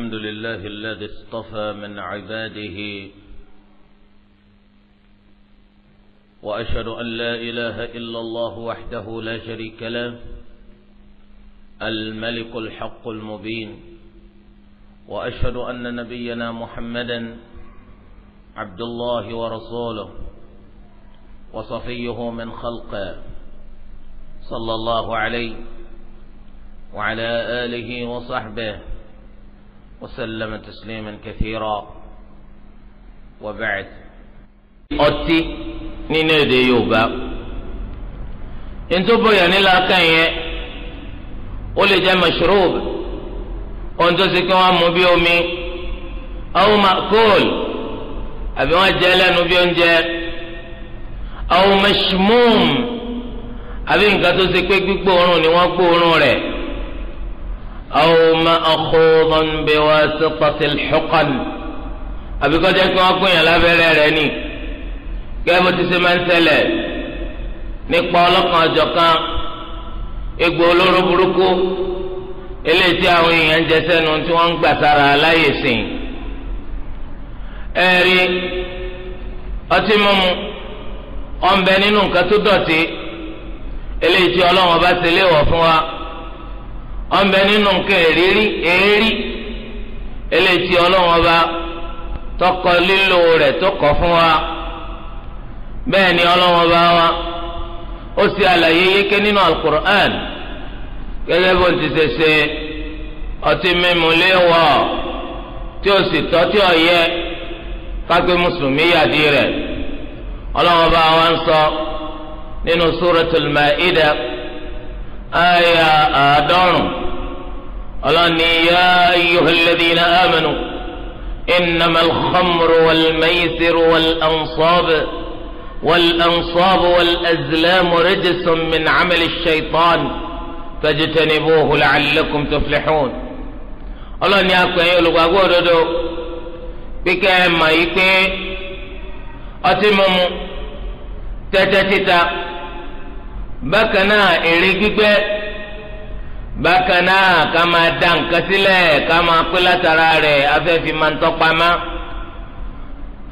الحمد لله الذي اصطفى من عباده وأشهد أن لا إله إلا الله وحده لا شريك له الملك الحق المبين وأشهد أن نبينا محمدا عبد الله ورسوله وصفيه من خلقه صلى الله عليه وعلى آله وصحبه وسلم تسليما كثيرا وبعد ọtí nínú èdè yorùbá ntòbóyà nílá kẹyìn ó lè jẹ mashroob ohun tó ṣe kí wọn mú bí omi aw ma'kul àbí wọn jẹ lẹ́nu bí oúnjẹ aw mashmum àbí nǹkan tó ṣe pé gbígbóòórùn ni wọn gbóòórùn rẹ̀. أو مأخوض بواسطة الحقن àbíkọ́ jẹ́ kí wọ́n gún yàn lábẹ́rẹ́ rẹ̀ ni gẹ́gẹ́ bó ti ṣe máa ń ṣẹlẹ̀ nípa ọlọ́kan ọ̀jọ̀kan egbò olóró burúkú eléyìí tí àwọn èèyàn ń jẹ sẹ́nu tí wọ́n ń gbà sára láyè sìn. ẹ̀rí ọtí mímu ọ̀nbẹ nínú nǹkan tó dọ̀tí eléyìí tí Ọlọ́run bá ṣe léèwọ̀ fún wa ọ̀nbẹ nínú nǹkan èrírí èérí eléyìí ọlọ́wọ́n ọba tọkọ lílo rẹ̀ tọkọ fún wa bẹ́ẹ̀ ni ọlọ́wọ́n ọba wa ó sì àlàyé yéké nínú alukur'an gẹ́gẹ́ bó ti ṣe ṣe ọtí mímu léwọ̀ tí ó sì tọ́ tí ó yẹ kápẹ́ mùsùlùmí yàdí rẹ̀ ọlọ́wọ́n ọba wa ń sọ nínú suratul Ma'idah àyà àádọ́rùn-ún. ألان يا ايها الذين امنوا انما الخمر والميسر والانصاب والانصاب والازلام رجس من عمل الشيطان فاجتنبوه لعلكم تفلحون ألان الا ان يكن يلقوا ردو بك ما اتمم تتتتا بكنا اريد bákan náà ká máa dá nǹkan sílẹ̀ ká máa pé látara rẹ̀ afẹ́fí máa ń tọ́pamá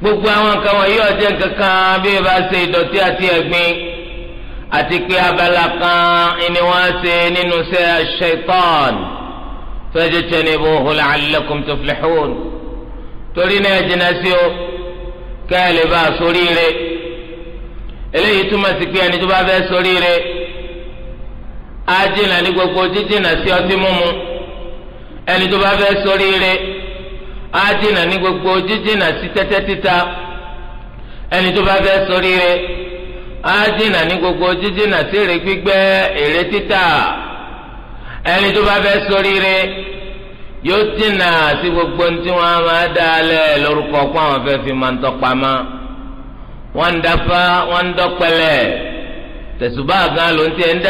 gbogbo àwọn nǹkan wọ̀nyí ọ̀jẹ̀ kankan bí bá ṣe ìdọ̀tí àti ẹ̀gbin àti pé abala kan ni wọ́n ṣe nínú iṣẹ́ ṣaitan fajtanibuhu la'allakum tuflihun torí náà jìnnà sí o ká ẹ lè bá a sóríire eléyìí túmọ̀ sí pé ẹni tó bá fẹ́ sóríire. á jìnnà ní gbogbo na sí ọtí mímu ẹni tó bá fẹ́ ṣoríire á jìnnà ní gbogbo na sí tẹ́tẹ́ títa ẹni tó bá fẹ́ ṣoríire á jìnnà ní gbogbo jíjìnnà sí èrè gbígbẹ́ èrè títà ẹni tó bá fẹ́ ṣoríire yóò jìnnà sí gbogbo tí wọ́n máa dá a lórúkọ kó àwọn fẹ́ fi máa ń tọpa máa wọ́n ń ló ń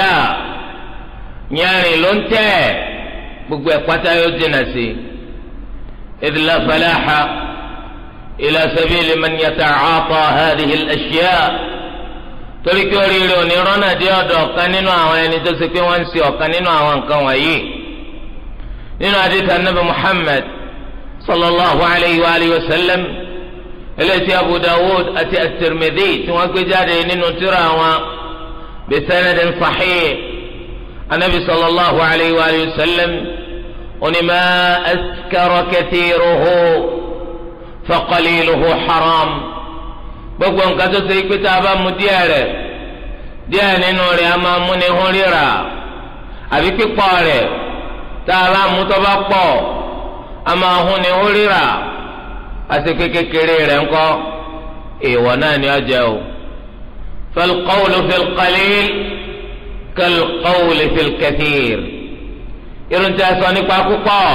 yẹrin ló ń tẹ gbogbo ẹ̀pátá yóò dènà sí ìdílé falaha ila sabili man yata'ata hadhihi al-ashya' torí kí oríire òní rọ́nà dé ọ̀dọ̀ ọ̀kan nínú àwọn ẹni tó ṣe pé wọ́n ń ṣe ọ̀kan nínú àwọn nǹkan wọ̀nyí nínú àdìsá nàbì Muhammad sallallahu alayhi wa alihi wa sallam eléyìí Abu Dawud àti at-Tirmidhi tí wọ́n gbé jáde wọn bi sanadin anabi sallallahu alayhi wa sallam onímọ̀ ẹsikẹ́rọ̀ kẹtìrúhu faqaliluhu haram gbogbo nǹkan tó ṣe pé tá a bá mu díẹ̀ rẹ̀ díẹ̀ nínú rẹ̀ a máa mú ni hún ríra àbí pípọ̀ rẹ̀ tá a bá mu tó bá pọ̀ a máa hún ni hún ríra àṣekè kékeré rẹ̀ ńkọ́ èèwọ̀ náà ni ó jẹ́ o fal qawlu fil qalil. kal-qawli fil-kathir irun tí a sọ nípa púpọ̀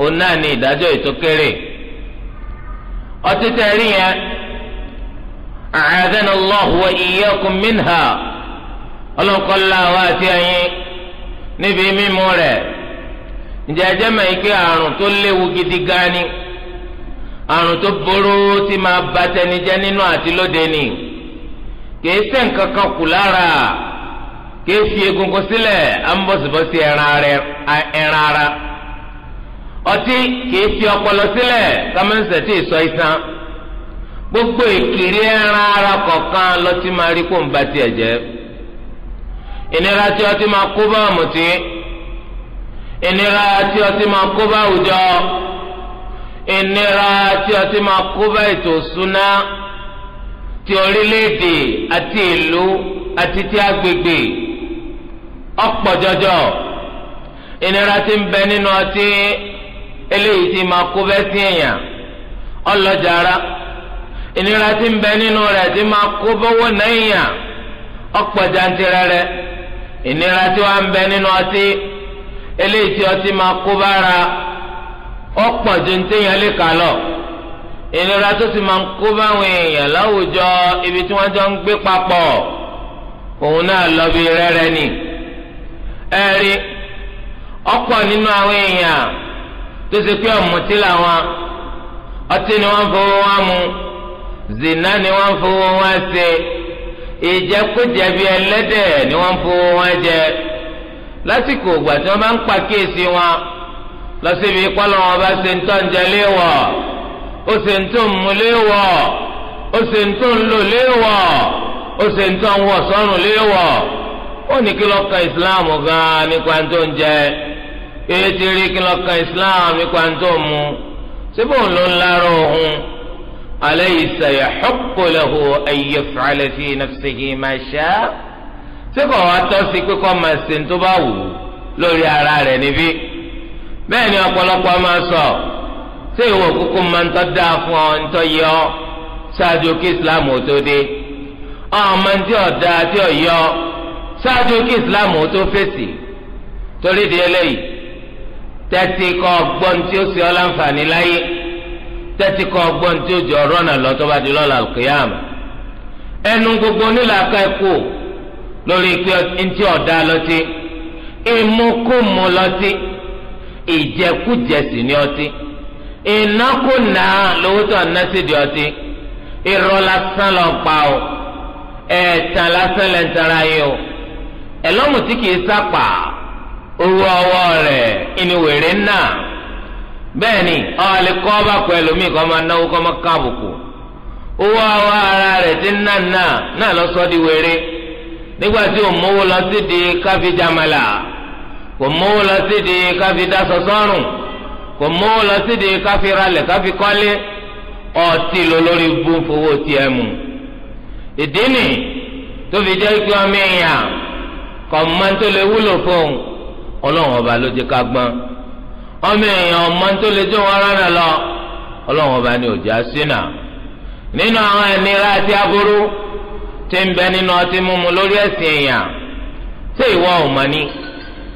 òun náà ní ìdájọ́ ètò kéré ọtí tẹ̀ rí yẹn a'adana Allahu minha ọlọ́kọ́lá wa àti ẹ̀yin níbi mímú rẹ̀ ǹjẹ́ ẹjẹ́ àrùn tó léwu gidi gani àrùn tó boró tí máa nínú àti lóde ni kéésì egungun sílẹ̀ à ń bọ̀sibọ̀sì ẹran ara ọtí kéésì ọpọlọ sílẹ̀ kàmẹ́sẹ̀ tí ì sọ isan gbogbo ìkiri ẹran ara kọ̀ọ̀kan lọ́tí máa rí kó ń ba tiẹ̀ jẹ́ ìnira tí ọtí máa kó bá ọ̀mùtí ìnira tí ọtí máa kó bá àwùjọ ìnira tí ọtí máa kó bá ètò ìṣúná ti orílẹ̀-èdè àti ìlú àti ti agbègbè. ọ̀pọ̀ jọjọ ìnira ti ń bẹ nínú ọtí eléyìí tí máa kó bẹ́ sí èèyàn ìnira ń bẹ nínú rẹ̀ tí máa kó bọ́wọ́ náyàn ọ̀pọ̀ jantirẹrẹ ìnira tí wàá ń bẹ nínú ọtí eléyìí tí ọtí máa kó bára ọ̀pọ̀ ju téèyàn ìnira tó sì máa ń báwọn èèyàn láwùjọ ibi tí wọ́n jọ ń gbé papọ̀ òun náà lọ bí rẹ́rẹ́ ẹ̀rí ọ̀pọ̀ nínú àwọn èèyàn tó ṣe pé ọ̀mùtí wọn, ọtí ni wọ́n fowó wọn mu zina ni wọ́n fowó wọn ṣe ẹlẹ́dẹ̀ ni wọn jẹ lásìkò ògbà tí wọ́n bá ń pa kéèsì wọn lọ síbi kọ́lọ́ wọn bá ṣe ń tọ́ ń ó ṣe ń tó ń mu ó ṣe ń tó ń lò ó ṣe ó ní kí lọ́ọ́ kan islam gan-an nípa tó ń jẹ èyí ti rí kí lọ́ọ́ kan islam nípa tó ń mu síbò ń lò ń lárò òun alaysa yahuqqu lahu an yaf'ala fi nafsihi ma sha'a tí wá tọ́ sí pé máa ṣe tó bá wù lórí ara rẹ̀ níbí bẹ́ẹ̀ ni ọ̀pọ̀lọpọ̀ máa sọ ṣé ìwọ kúkú máa ń tọ́ dáa fún ọ ń tọ́ yọ ṣáájú kí islam ò tó dé ọmọ tí ò dáa tí ò yọ ṣáájú kí islam ó tó fèsì torí di eléyìí tẹ́tí kọ́ ọgbọ́n tí ó ṣe ọ́ láǹfààní láyé tẹ́tí kọ́ ọgbọ́n tí ó jọ rọ́nà lọ tó bá di lọ́la ẹnu gbogbo onílàáká ẹ̀kú lórí pé ntí lọ́tí lọ́tí ìjẹkújẹsì ọtí ìnákùnà ọtí ọ ẹ̀ẹ̀tàn lásán lẹ́ntàn ẹlọ́mù tí kìí sápà owó ọwọ́ rẹ̀ ìní wèrè náà bẹ́ẹ̀ ni ọ̀lẹ́ kọ́ bá pẹ́ lómi kọ́ máa náwó kọ́ máa káàbùkù owó ọwọ́ ara rẹ̀ ti ń nà náà náà lọ sọ́ di wèrè nígbà tí ò mówó lọ sí di káfí jamala kò mówó lọ sí di káfí dasọ sọ́rùn kò mówó lọ sí di káfí ralẹ̀ káfí kọ́lé ọtí lọ lórí bú fowó tiẹ̀ mu ìdí ni tó fi jẹ́ ikú ọmọ èèyàn. kọ̀ọ̀mọ́ tó lè wúlò fóun ọlọ́run ọba ló jẹ́ ká gbọ́n ọmọ èèyàn ọmọ lè wọn rárá lọ ọlọ́run ọba ni òjá sínà nínú àwọn ìnira àti aburú tí ń bẹ nínú ọtí mímu lórí ẹ̀sìn èèyàn ṣé ìwọ ni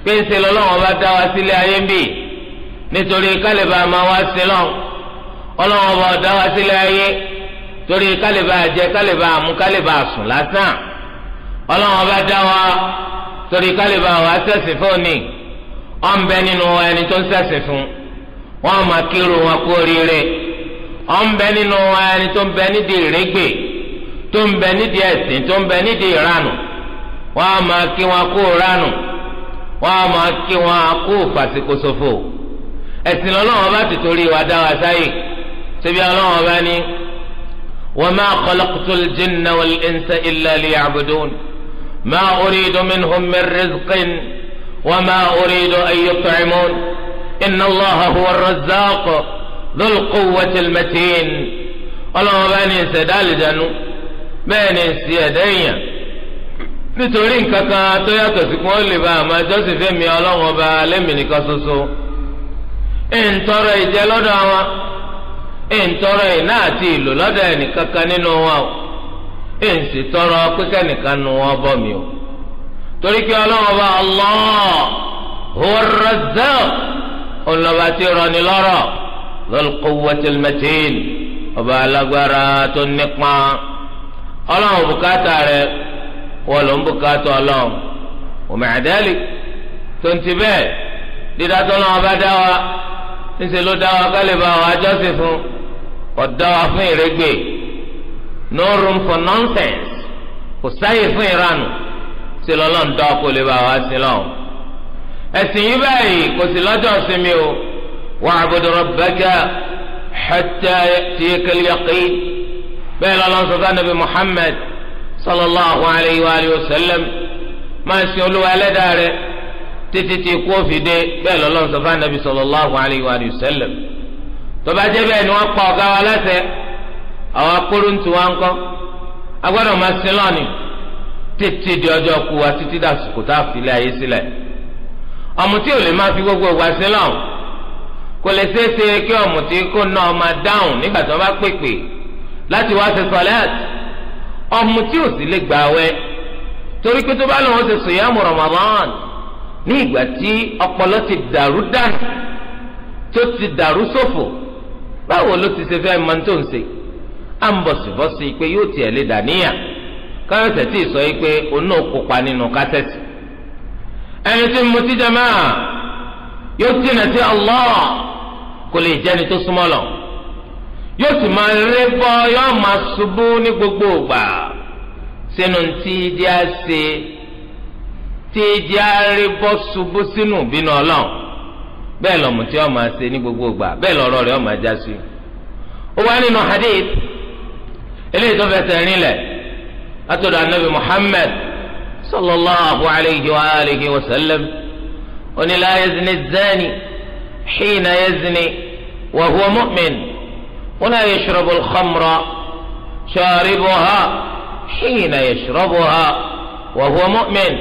pé ń ṣe lọ́lọ́run ọba dá wá sí lọ ọlọ́run ọba dá wa sílé ayé torí kálíbà jẹ kálíbà mú kálíbà sùn lásán. ọlọ́run ọba dá wa torí kálíbà wa sẹ̀sìn fóònì ọ̀n bẹ nínú ẹni tó ń sẹ̀sìn fún wọn máa kírù wọn kú oríire ọ̀n bẹ nínú ẹni tó ń bẹ nídìí ìrégbè tó ń bẹ nídìí ẹ̀sìn tó ń bẹ nídìí ìranù wọn máa kí wọn kú ranù wọn máa kí wọn kú fàṣíkòṣòfò ẹ̀sìn ọlọ́run ọba ti torí wa dá wa sáyè ṣebí ọlọ́run ọba ni wa ma khalaqtul jinna wal insa illa liya'budun. ما أريد منهم من رزق وما أريد أن يطعمون إن الله هو الرزاق ذو القوة المتين الله بني سدال جنو بني سيدين نتولين كاكا تياك سكون اللي ما جوسي في ميا الله بالمني كسوسو إن ترى إجلو دعوة إن ترى ناتي لولا كاكا نينو واو ẹ̀ ń sì tọrọ pé kẹ́nìkan nu wọn bọ́ mi o torí pé ọlọ́run ọba Allah huwa ar-razzaq ọlọ́ba ti rọni lọ́rọ̀ lọ́l quwwatil matin ọba alágbára tó nípa ọlọ́run bùkátà rẹ wọ́n ló ń bùkátà ọlọ́run òmì àdáli tó ń ti bẹ́ẹ̀ dídá tó lọ́wọ́ bá dá wa ńṣe ló dá wa kálí bá wa jọ́sìn fún ọ̀dá wa fún ìrẹ́gbẹ̀ẹ́ no room for nonsense kò sáyè fún Iranu. sí lọ́lọ́n dán kó lè bá wa sí lọ́wọ́ ẹ̀sìn yìí báyìí kò sí lọ́jọ́ sinmi o wa'bud rabbaka hatta ya'tiyaka al-yaqin bẹ́ẹ̀ lọ́lọ́n sọ fún anabi Muhammad sallallahu alayhi wa alihi wa sallam máa sin olúwa ẹlẹ́dàá títí tí kú òfin dé bẹ́ẹ̀ lọ́lọ́n sọ fún sallallahu alayhi wa alihi wa sallam tó bẹ́ẹ̀ ni wọ́n pa ọ̀gá wa láṣẹ àwọn akóró ntí wọn kọ́ agbọ́dọ̀ máa sin lọ́ọ̀nì tètè di ọjọ́ ku wa títí dàsìkò tá a filẹ̀ ayé sílẹ̀ ọ̀mùtí ò lè máa fi gbogbo wa sin lọ́ọ̀ kò lè ṣeé ṣe kí ọ̀mùtí kó ná ọmọ dáhùn nígbà tí wọ́n bá pèpè láti wá ṣe sọ̀lẹ́ẹ̀tì ọ̀mùtí ò sì lè gbà wẹ́ torí pé tó bá lọ́wọ́ ṣe sòyàmù Ramadan ní ìgbà tí ọpọlọ ti dàrú dànù tó ti dàrú sófò báwo ló ti ṣe fẹ́ mọ́ tó ń ṣe. à pé yóò tiẹ̀ lè dàníyà tí sọ yìí pé nínú kásẹ̀tì ẹni tí mo ti jẹ máa yóò tìǹà sí ọlọ́ kò lè jẹ́ni tó súnmọ́ lọ yóò ti máa ré bọ́ yóò máa ṣubú ní gbogbo sínú ṣe rí bọ́ ṣubú sínú ìbínú bẹ́ẹ̀ tí ní gbogbo eléyìí tó fẹsẹ̀ rinlẹ̀ látọ̀dọ̀ anabi muhammed sallallahu alayhi wa alihi wa sallam onílà yazni zani xiina yazni wa huwa mu'min wala yashrabu alkhamra sharibuha xiina yashrabuha wa huwa mu'min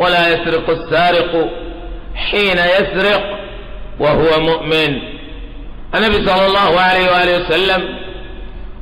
wala yasriqu sariqu xiina yasriq wa huwa mu'min anabi sallallahu alayhi wa alihi wa sallam.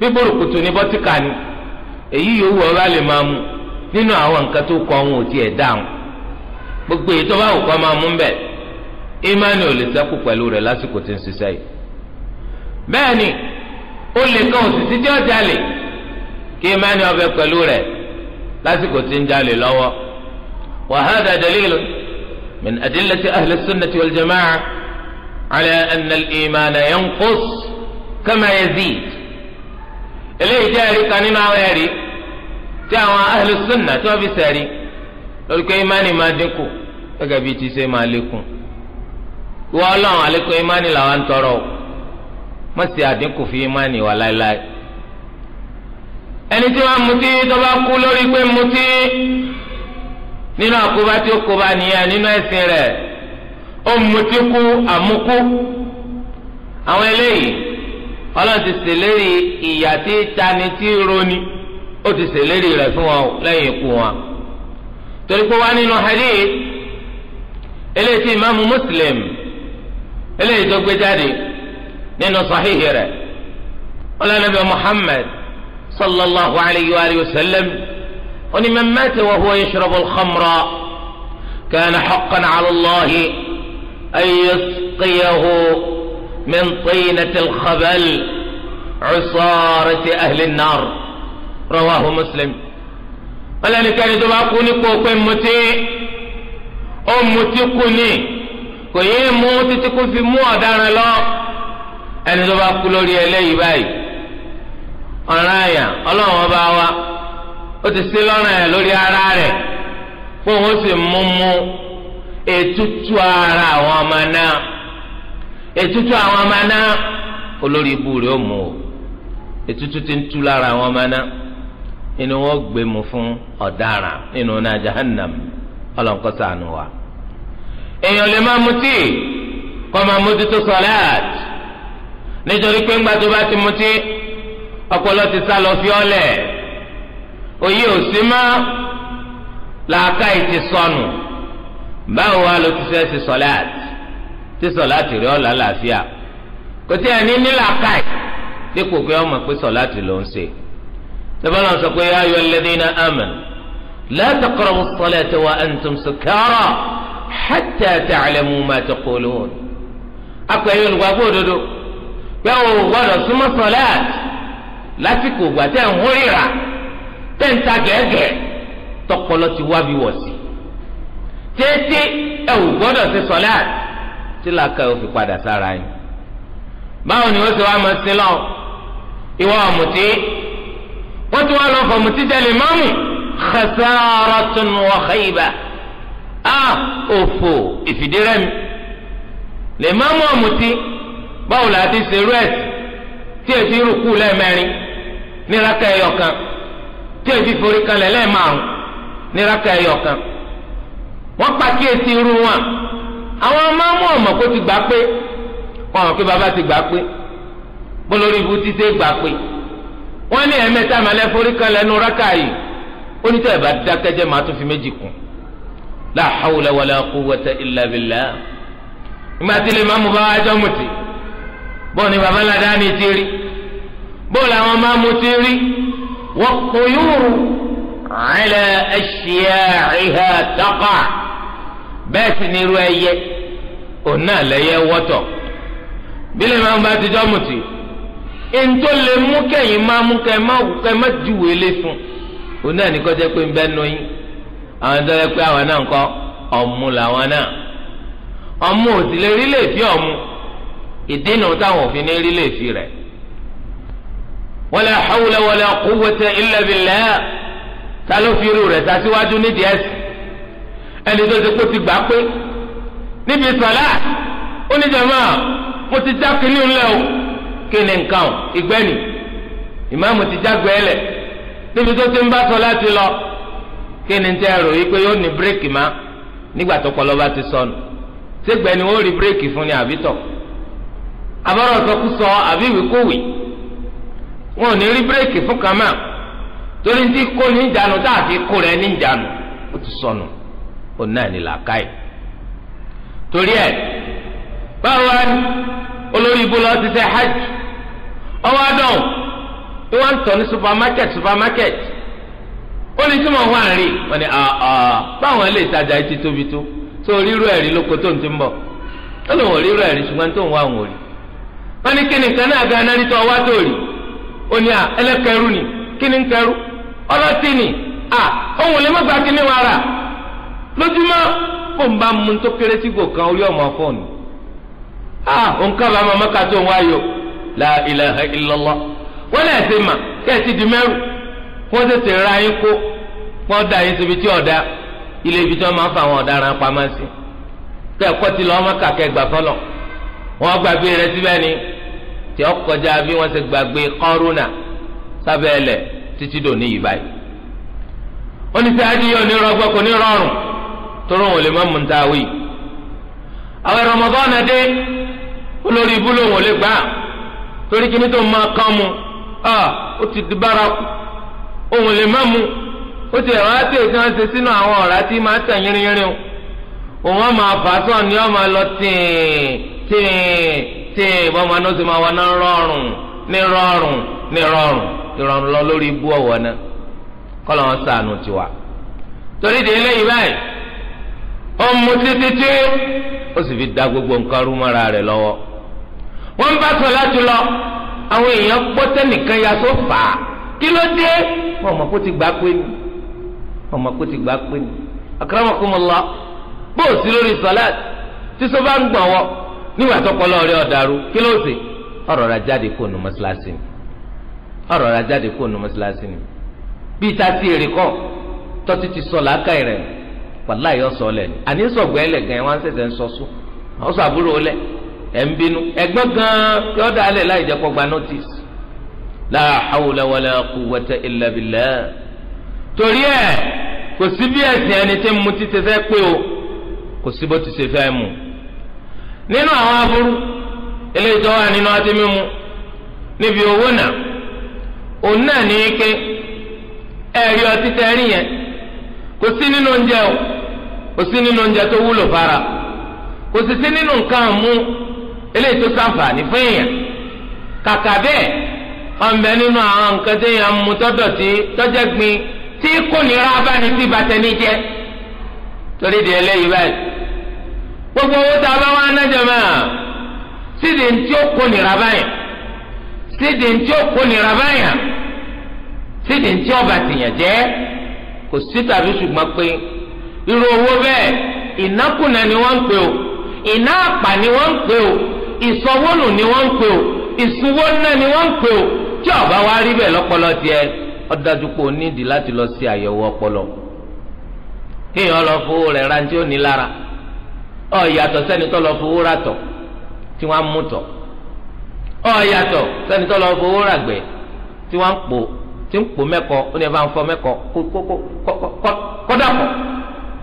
bí burúkutu ní bọ́tíkà ni èyí yòówù ọba lè máa mu nínú àwọn nǹkan tó kọ ohun òtí ẹ̀ dáhùn gbogbo èyí tó bá wù kọ́ máa mú bẹ́ẹ̀ imani ò lè sẹ́kù pẹ̀lú rẹ̀ lásìkò tí ń ṣiṣẹ́ yìí bẹ́ẹ̀ ni ó lè kan òsìsì tí ó jalè kí imani ọbẹ̀ pẹ̀lú rẹ̀ lásìkò tí ń jalè lọ́wọ́ wa hada min adillati ahli sunnati wal jama'a ala anna al-imana yanqus kama yazid eléyìí jẹ́ ẹ̀rí kan nínú àwọn ẹ̀rí tí àwọn ahlu sunna tí wọ́n fi sẹ̀rí lórí pé imáni máa dínkù gẹ́gẹ́ bíi ti ṣe máa lékún ìwọ ọlọ́run àlékún imáni làwọn ń tọrọ o má ṣe àdínkù fi imáni wà láéláé ẹni tí wọ́n mutí tó kú lórí pé mutí nínú àkóbá tí ó kóbá nìyẹn nínú ẹ̀sìn rẹ̀ ó mutí kú àmukú àwọn eléyìí ọlọ́run ti ṣèlérí ìyà tí tani tí roni ó ti ṣèlérí rẹ̀ fún wọn lẹ́yìn ikú wọn. torí pé wá nínú hadith eléyìí tí ìmáàmù Muslim eléyìí tó gbé jáde nínú sahihi rẹ̀ ọlọ́nàbí Muhammad sallallahu alayhi wa sallam oní man mata wa huwa yashrabu al-khamra kana haqqan ala من طينة الخبل عصارة أهل النار رواه مسلم قال لك أن كوني كوكو متي أو متي كوني كوي موتي تكون في مو أدانا لا أن تباكو لوري إلي باي أرايا الله وباوا وتسيلونا لوري أراري فهو سممو ètùtù ara àwọn ọmọ ètùtù àwọn ọmọ aná olórí ibu rẹ̀ ó mú o ètùtù ti ń tú lára àwọn ọmọ aná inú wọn gbé mu fún ọ̀daràn nínú náà jahannam ọlọ́nkọ́ sànù wa. èèyàn lè máa mutí kọ́ máa mójútó sọ́láàt nítorí pé ńgbà tó bá ti mutí ọpọlọ ti sá lọ fiọ́lẹ̀ òye ò sí mọ́ làákàyè ti sọnù báwo wá ló ti fẹ́ ṣe sọ́láàt tí sọ̀láàtì rẹ̀ ọ̀la làáfíà kò tí ẹ̀ ní nílàkàì dípò pé ọmọ pé sọ̀láàtì ló ń ṣe. tẹ́fọ́nà sọ pé ayọ̀ alladhina amanu la taqrabu as-salata wa antum sukara hatta ta'lamu ma taqulun. akọ̀yẹ́ olùgbàgbọ́ òdodo pé o gbọ́dọ̀ súnmọ́ sọ̀láàtì lásìkò ìgbà tẹ̀ ń hórìrà tẹ̀ ń ta gẹ́gẹ́ tọpọlọ ti wá bí wọ̀ sí. tètè ẹ ò gbọ́dọ̀ ṣe sọ̀láàtì tí làákà yóò fi padà sára yín báwo ni wọ́n ṣe wá máa sin lọ ìwọ ọ̀mùtí wọ́n ti wá lọ fọ ọ̀mùtí jẹ́ lè mọ́mù khasaratun wa khayba a òfò ìfìdírẹ́mi lè mọ́mù ọ̀mùtí báwo la ti ṣe rú tí èsì rúkú lẹ́ẹ̀mẹ́rin ní rákà ẹ̀yọ̀kan tí èsì forí kalẹ̀ lẹ́ẹ̀márùn ní rákà ẹ̀yọ̀kan wọ́n pa kí èsì rú wọn àwọn máàmù ọmọ kó ti gbà pé wọn àwọn pé bàbá ti gbà pé bọlórí ibu ti dé gbà pé wọn ní ẹ̀mẹ́ta mẹlẹ forí kan lẹ́nu rákà yìí onítọ ẹ bá dákẹ́jẹ́ màá tún fi méjì kún la hawla wala quwwata illa ìgbà tí lè máàmù bá wá jọ mùtì bọ́ọ̀ ni bàbá ńlá dání ti rí bọ́ọ̀ làwọn máàmù ti rí wọ́n kò yóò ala ashya'iha taqa. bẹ́ẹ̀ sì ni irú ẹyẹ òun náà lẹ́yẹ wọ́tọ̀ bílẹ̀ máa ń bá ti jọ́ mùtì lè mú kẹ́yìn máa mú kẹ́ má wù kẹ́ má juwè lé fún òun náà ní kọ́ jẹ́ pé ń bẹ́ẹ̀ nù yín àwọn tó pé àwọn náà ń ọ̀mù làwọn náà ọ̀mù ò lè fi ọ̀mù ìdínà táwọn òfin ní rí lè fi rẹ̀ wala hawla ẹni tó ti kó ti gbà pé níbi sọlá mo ti já kínní ńlẹ o kí ni nǹkan ìgbẹ́ni ìmáàmù ti já gbẹ́lẹ̀ níbi tó ti ń bá sọlá ti lọ kí ni tẹ́ ẹ̀rọ yìí pé yóò ní bírèkì má nígbà tó lọ́ba ti sọnù ni rí bírèkì fún ni àbítọ̀ abọ́rọ̀ sọkúsọ àbí ìwékòwé wọn ò ní rí bírèkì fún kàmá torí ti kó ní kó òun náà ní làákàyè torí ẹ báwo wá ní olórí ibú lọ ti ṣe hajj ọwọ́ àdán ni wọ́n ń tọ̀ ní supermarket supermarket ó ní tí mo wá rìn wọ́n ní báwọn ilé ìtajà yìí ti tóbi tó tó ríru ẹ̀rí lóko tó ń ti ń bọ̀ ó lóun ò ríru ẹ̀rí ṣùgbọ́n tó ń wá òun ò rí wọ́n ní kí ni nǹkan náà gan-an nítorí ọwọ́ tó rí ó ní ẹlẹ́kẹ̀rú ni kí ń kẹrú ọlọ́tí ni òun ò lè má gba kí wàrà. lójúmọ́ kó n bá mú tó kéré sí orí ọmọ fóònù a ònkà bá mọ mọ́ka tó ń wáyò la ilaha illallah wọ́n lè ṣe mà kẹ́sì di mẹ́rù wọ́n tètè ra yín kó wọ́n da yín síbi tí ọ̀dà ilé ibi tí wọ́n fa àwọn ọ̀daràn pamọ́ sí ti lọ́ mọ́ka wọ́n rẹ síbẹ̀ ni tí ó kọjá bí wọ́n ṣe gbàgbé kọ́rùnà sábẹ́ ẹlẹ̀ títí dòní yìí báyìí. ó adìyẹ ò ní kò ní rọrùn tọrọ wọn lè má mú ta wí. àwọn Ramadan adé olórí ibú lòun ò lè gbà torí kí ni tó máa kán mu ó ti di bárakú òun lè má mu ó ti ẹ̀rọ àti èyí tí wọ́n ṣe sínú àwọn ọ̀rá tí máa tẹ̀ yínrínyínrín o òun máa fà á ni wọ́n máa lọ tìǹ tìǹ tìǹ bọ́n máa náà ti máa wà rọrùn ní rọrùn ní rọrùn ìrọ̀rùn lọ lórí ibú ọ̀wọ́ náà kọ́ lọ́wọ́ sànù tiwa torí de eléyìí báyìí ó ń mu títí tí ó sì fi da gbogbo nǹkan rú mọ́ra rẹ̀ lọ́wọ́ wọ́n ń bá sọ láti lọ àwọn èèyàn gbọ́ tẹ́nìkan ya só fà á kí ló dé wọn mọ̀ kó ti gbà pé ni wọn mọ̀ kó ti gbà pé ni akramakumullah bó o sí lórí sọláàtì tí sọ bá ń gbọ̀n wọ nígbà tó kọ́ lọ́ọ̀rẹ́ ọ̀dàrú kí ló ṣe ọ̀rọ̀ ra jáde kó nu mọ́ṣáláṣí ni ọ̀rọ̀ ra jáde kó nu mọ́ṣáláṣí ni bíi tá a ti èrè kọ́ tọ́tí ti sọ làákàyè rẹ̀ wàláyé ọsọ lẹ ni àní sọgbọ ẹ lẹ gan ẹ wọn ń ọsọ àbúrò lẹ ẹ ń bínú ẹ̀gbọ́n gan yọ dá lẹ láì jẹ notice la hawla wala quwwata torí ẹ kò sí bí ẹsìn ẹni tí mu ti o kò sí bó ti ṣe mu nínú àwọn aburú eléyìí tó wà nínú ọtí mímu níbi owó òun náà ní í ké kò nínú oúnjẹ tó wúlò fara kò sì sí nínú nǹkan mú eléyìí tó ṣàǹfààní fún èèyàn kàkà bẹ́ẹ̀ ọ̀nbẹ nínú àwọn nǹkan tó yàn mú tọ́dọ̀tí tọ́jẹ́ gbin tí kò nira abáni tí bàtẹ́ni jẹ́ torí di eléyìí báyìí gbogbo owó tá a bá wá nájà máa sídi ntí ó kò nira báyìí sídi ntí ó kò nira báyìí sídi ntí ó bàtìyàn jẹ́ kò sí tàbí ṣùgbọ́n pé. irú owó bẹ́ẹ̀ ìnákùnà ni wọ́n ń pè o ìná àpà ni wọ́n ń o ìsọwọ́nù ni wọ́n ń pè o ìsúwọ́nà ni wọ́n ń pè o tí ọba wa rí bẹ́ẹ̀ lọ́pọlọ tiẹ̀ ó pé o nídìí láti lọ sí àyẹ̀wò ọpọlọ kéèyàn lọ fowó ra ó ní lára sẹ́ni tó lọ fowó rà tọ̀ tí wọ́n á mú tọ̀ sẹ́ni tó lọ fowó rà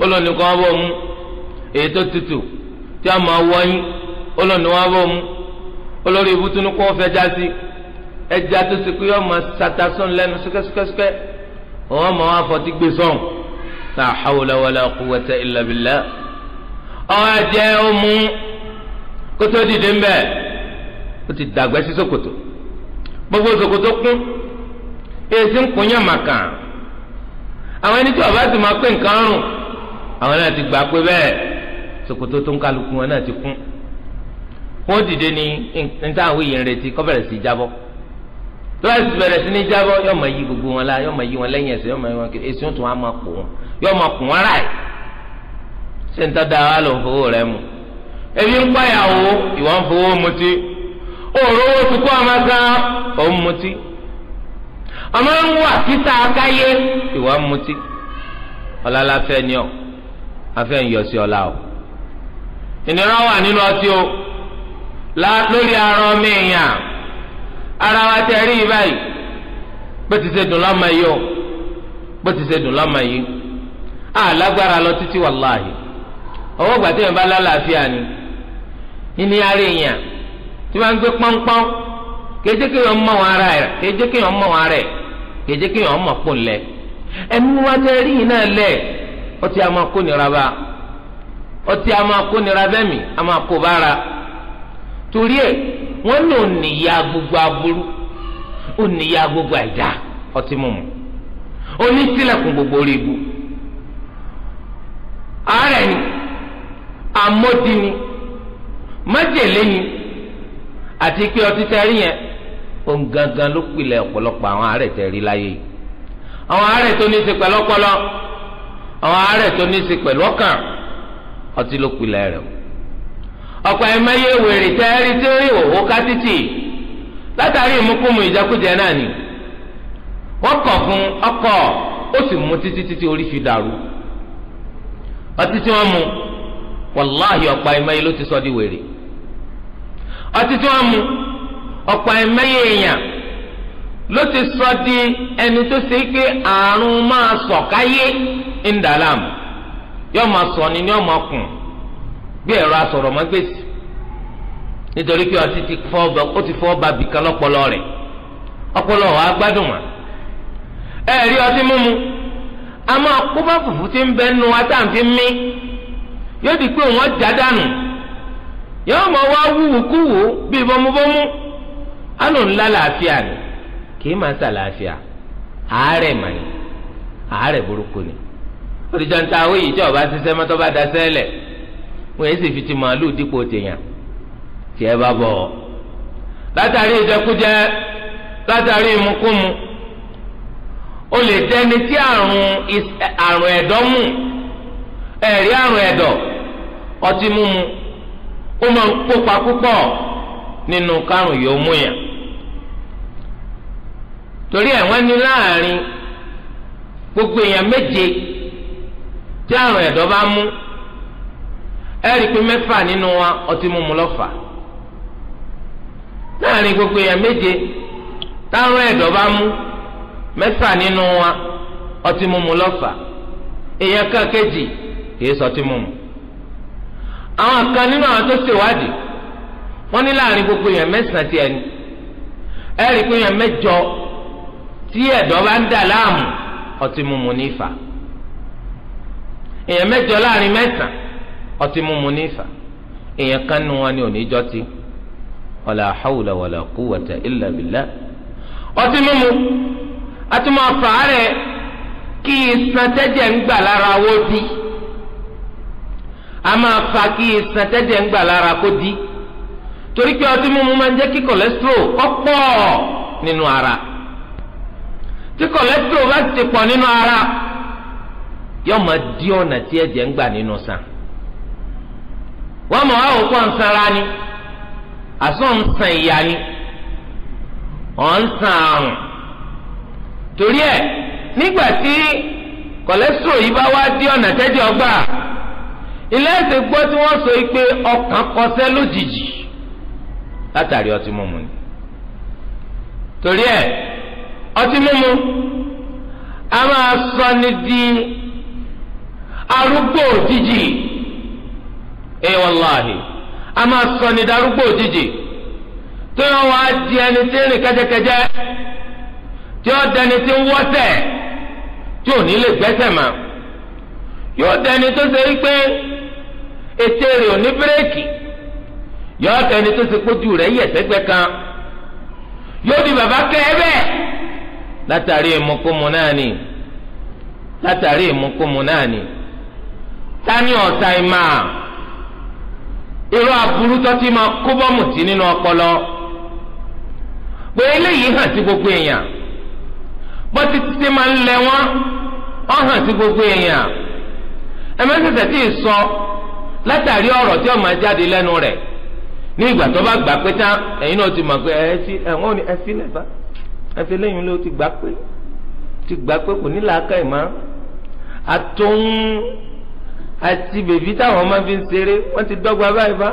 olóòní kan bọ̀ mu èyí tó tutù tí a máa wọ́yìn olóòní wọn bọ̀ mu olórí ibùtúnú kó fẹ́ já sí ẹja tó ti kú yọ máa sata sọ́n lẹ́nu súkẹ́súkẹ́súkẹ́ wọ́n máa wá fọtí gbé sọ́n la hawla wala quwwata illa billah ọ̀hún ẹ̀jẹ̀ ó mú kótó dìde ńbẹ̀ ó ti dàgbẹ́ sí ṣòkòtò gbogbo ṣòkòtò kún èsì ń kún màkà àwọn ẹni tí ọba ti máa pé nǹkan rùn àwọn náà ti gbà pé bẹ́ẹ̀ ṣòkòtò tó ń kálukú wọn náà ti kún wọn dìde ní níta àwọn èèyàn retí kọ́ bẹ̀rẹ̀ sí jábọ́ tó bá sì bẹ̀rẹ̀ sí ní jábọ́ yóò máa yí gbogbo wọn la yóò máa yí wọn lẹ́yìn ẹsẹ̀ yóò máa yí wọn kiri èsì tó wọn máa pò wọn yóò máa kù wọn ráì ṣé ń tọ́da wa ló ń fowó rẹ mu ebi ń pàyàwó ìwọ ń fowó mutí òòrò owó ti kó ọmọ gan òun mutí ọmọ ń wà títà káyé ìwọ ń mutí ọlọ́lá fẹ́ ni ọ́ afẹ́ ń yọ sí ọlá o ìnira wà nínú ọtí o lórí ara ọmọ èèyàn ara wa tẹ rí báyìí bó ti ṣe dùn lọ́mọ yìí o bó ti ṣe dùn lọ́mọ yìí a lágbára lọ títí wàláhì ọwọ́ ìgbà tí bá lálàáfíà ni ìní ara èèyàn tí wọ́n ń gbé pọ́npọ́n kéde ara rẹ̀ kéde mọ̀ wọn ara rẹ̀ kéde mọ̀ pọ̀ lẹ̀ wa tẹ rí ọtí a máa kó nira bá ọtí a máa kó nira bẹ́ẹ̀ mi a máa kó bára torí ẹ wọn ní ònìyà gbogbo aburú ònìyà gbogbo àìdá ọtí mímu onísílẹ̀kùn gbogbo orí ibu ni amódi ni májèlé ni àti pé ọtí tẹ́rí yẹn òun gangan ló pilẹ̀ ọ̀pọ̀lọpọ̀ àwọn àárẹ̀ tẹ́rí láyé àwọn àárẹ̀ tó ní í ṣe pẹ̀lọ́pọ̀lọ́ àwọn àárẹ̀ tó ní í ṣe pẹ̀lú ọkàn ọtí ló pilẹ̀ rẹ̀ o ọ̀pọ̀ ẹ̀mẹ́yẹ wèrè tẹ́ẹ́rí tí ó rí òwò kátìtì látàrí ìmúkúmu ìjẹkújẹ náà ni wọ́n kọ̀ fún ọkọ̀ ó sì mú títí títí orí fi dàrú ọtí tí wọ́n mu wàláhì ọ̀pọ̀ ẹ̀mẹ́yẹ ló ti sọ di wèrè ọtí tí wọ́n mu ọ̀pọ̀ ẹ̀mẹ́yẹ èèyàn ló ti sọ di ẹni tó ṣe pé àrùn máa sọ káyé yóò sọ ni yóò máa kùn bí ẹ̀rọ asọ̀rọ̀ máa gbèsè nítorí pé ọtí ti fọ́ ọba ó ti fọ́ ọba bìkan lọ́pọlọ rẹ̀ ọpọlọ wa ẹ rí ọtí a ma fùfú tí ń bẹ nu atáǹfin mí yóò kì í máa ṣàlàáfíà àárẹ̀ mà ní àárẹ̀ burúkú ni olùjọ́ntà àwọn èyí tí ọba ṣiṣẹ́ mọ́tọ́ bá da sẹ́lẹ̀ wọ́n yẹn sì fi ti màálùú dípò tèèyàn tí ẹ bá bọ̀ ọ́ látàrí ìjẹkújẹ látàrí ìmukúmu ó lè dẹni tí àrùn ẹ̀dọ̀ mú ẹ̀rí àrùn ẹ̀dọ̀ ọtí mímu ó máa ń kópa púpọ̀ nínú kárùn yóò mú yàn torí ẹ̀ wọ́n ní láàrin gbogbo èèyàn méje tí àrùn ẹ̀dọ́ bá mú ẹ rí i pé mẹ́fà nínú wa ọtí mímu lọ́fà láàrin gbogbo èèyàn méje táwọn ẹ̀dọ́ bá mú mẹ́fà nínú wa ọtí mímu lọ́fà èèyàn kan kejì kìí sọtí mímu àwọn kan nínú àwọn tó ṣèwádìí wọ́n ní láàrin gbogbo èèyàn mẹ́sàn-án tí ẹ̀dọ̀ bá ń dà láàmú ọtí mímu ní ìfà èèyàn mẹ́jọ láàrin mẹ́sàn ọtí mímu ní ìfà èèyàn kan nu wọn ni òní jọtí wàlà hawla wàlà quwwata illa billah ọtí mímu atúmọ̀ fàárẹ̀ kí iṣan tẹ́jẹ̀ ń gbà lára wó di a máa fa kí iṣan tẹ́jẹ̀ ń gbà lára kó di torí pé ọtí mímu máa ń jẹ́ kí cholesterol ọ̀pọ̀ nínú ara. tí kọ̀lẹ́tò bá ti pọ̀ nínú ara yóò máa di ọ̀nà tí ẹ̀jẹ̀ ń gbà nínú sàn wọ́n mọ̀ àwọn òkú ọ̀nsanra ni àsọ̀nsàn ìyá ni ọ̀nsàn àrùn torí ẹ̀ nígbà tí kọ̀lẹ́tò yìí bá wá di ọ̀nà tẹ́jọ́ ọgbà ilé ẹ̀sìn gbọ́ tí wọ́n sọ pé ọkàn kọsẹ́ lójijì látàrí ọtí mímu ni torí ẹ̀. ọtí mímu a máa sọ ni di arúgbó òjijì ẹ a máa sọ ni di arúgbó òjijì tí wọn wá di ẹni tí ń rìn kẹjẹkẹjẹ tí ó dẹni tí ń wọ́sẹ̀ tí ò ní lè gbẹ́sẹ̀ mọ́ yóò dẹni tó ṣe wípé ètè ní bírèkì yóò kan yóò di bàbá látàrí ìmúkúmu náà ni látàrí ìmúkúmu náà ni tani ọ̀sà ìmà irú aburú tó máa kó bọ́ọ̀mù tí nínú ọpọlọ pé eléyìí hàn sí gbogbo èèyàn bụ ti ti máa ń lẹ ọ hàn sí gbogbo èèyàn ẹ̀mẹ́sẹ̀sẹ̀ tí ì sọ látàrí ọ̀rọ̀ tí ó jáde lẹ́nu rẹ̀ ní ìgbà tó bá gbà pé tán ẹ̀yin náà ti mọ̀ pé ẹ̀ ẹsẹ lẹ́yìn ló ti gbà pé ti gbà pé kò ní làákà ẹ̀ mọ́ àtòun àti bèbí táwọn ọmọ fi ń ṣeré wọ́n ti dọ́gba báyìí bá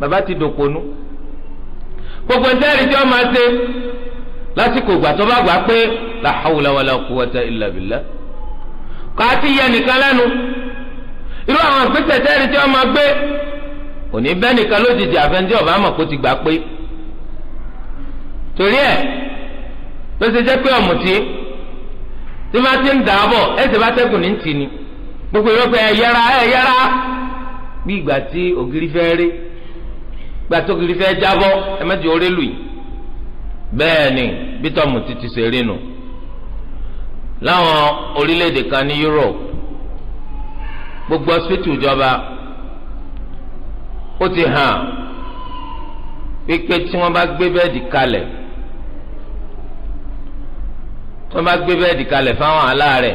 bàbá ti dòpònú gbogbo sẹ́ẹ̀rì tí wọ́n máa ṣe lásìkò ìgbà tó bá gbà pé la hawla wala quwwata illa billah kò á ti yẹ nìkan lẹ́nu irú àwọn ìgbésẹ̀ sẹ́ẹ̀rì tí wọ́n máa gbé òní bẹ́ẹ̀ nìkan lójijì àfẹnjẹ́ ọ̀bá mọ̀ kó ti gbà pé torí ẹ̀ ló ṣe jẹ́ pé ọ̀mùtí tí bá ti ń dà á bọ̀ ẹsẹ̀ bá tẹ́kùn ní tì ní gbogbo ìrọ́pẹ́ ẹ yẹra ẹ yẹra bí ìgbà tí ògiri fẹ́ rí ìgbà tí ògiri fẹ́ jábọ́ ẹ mẹ́jọ orí lù yìí bẹ́ẹ̀ ni bí tọ́mùtí ti ṣe rí nu láwọn orílẹ̀-èdè kan ní Europe gbogbo ọsibítù ìjọba ó ti hàn pé pé tí wọ́n bá gbé bẹ́ẹ̀dì kalẹ̀ tí wọ́n bá gbé bẹ́ẹ̀dì kalẹ̀ fáwọn aláàárẹ̀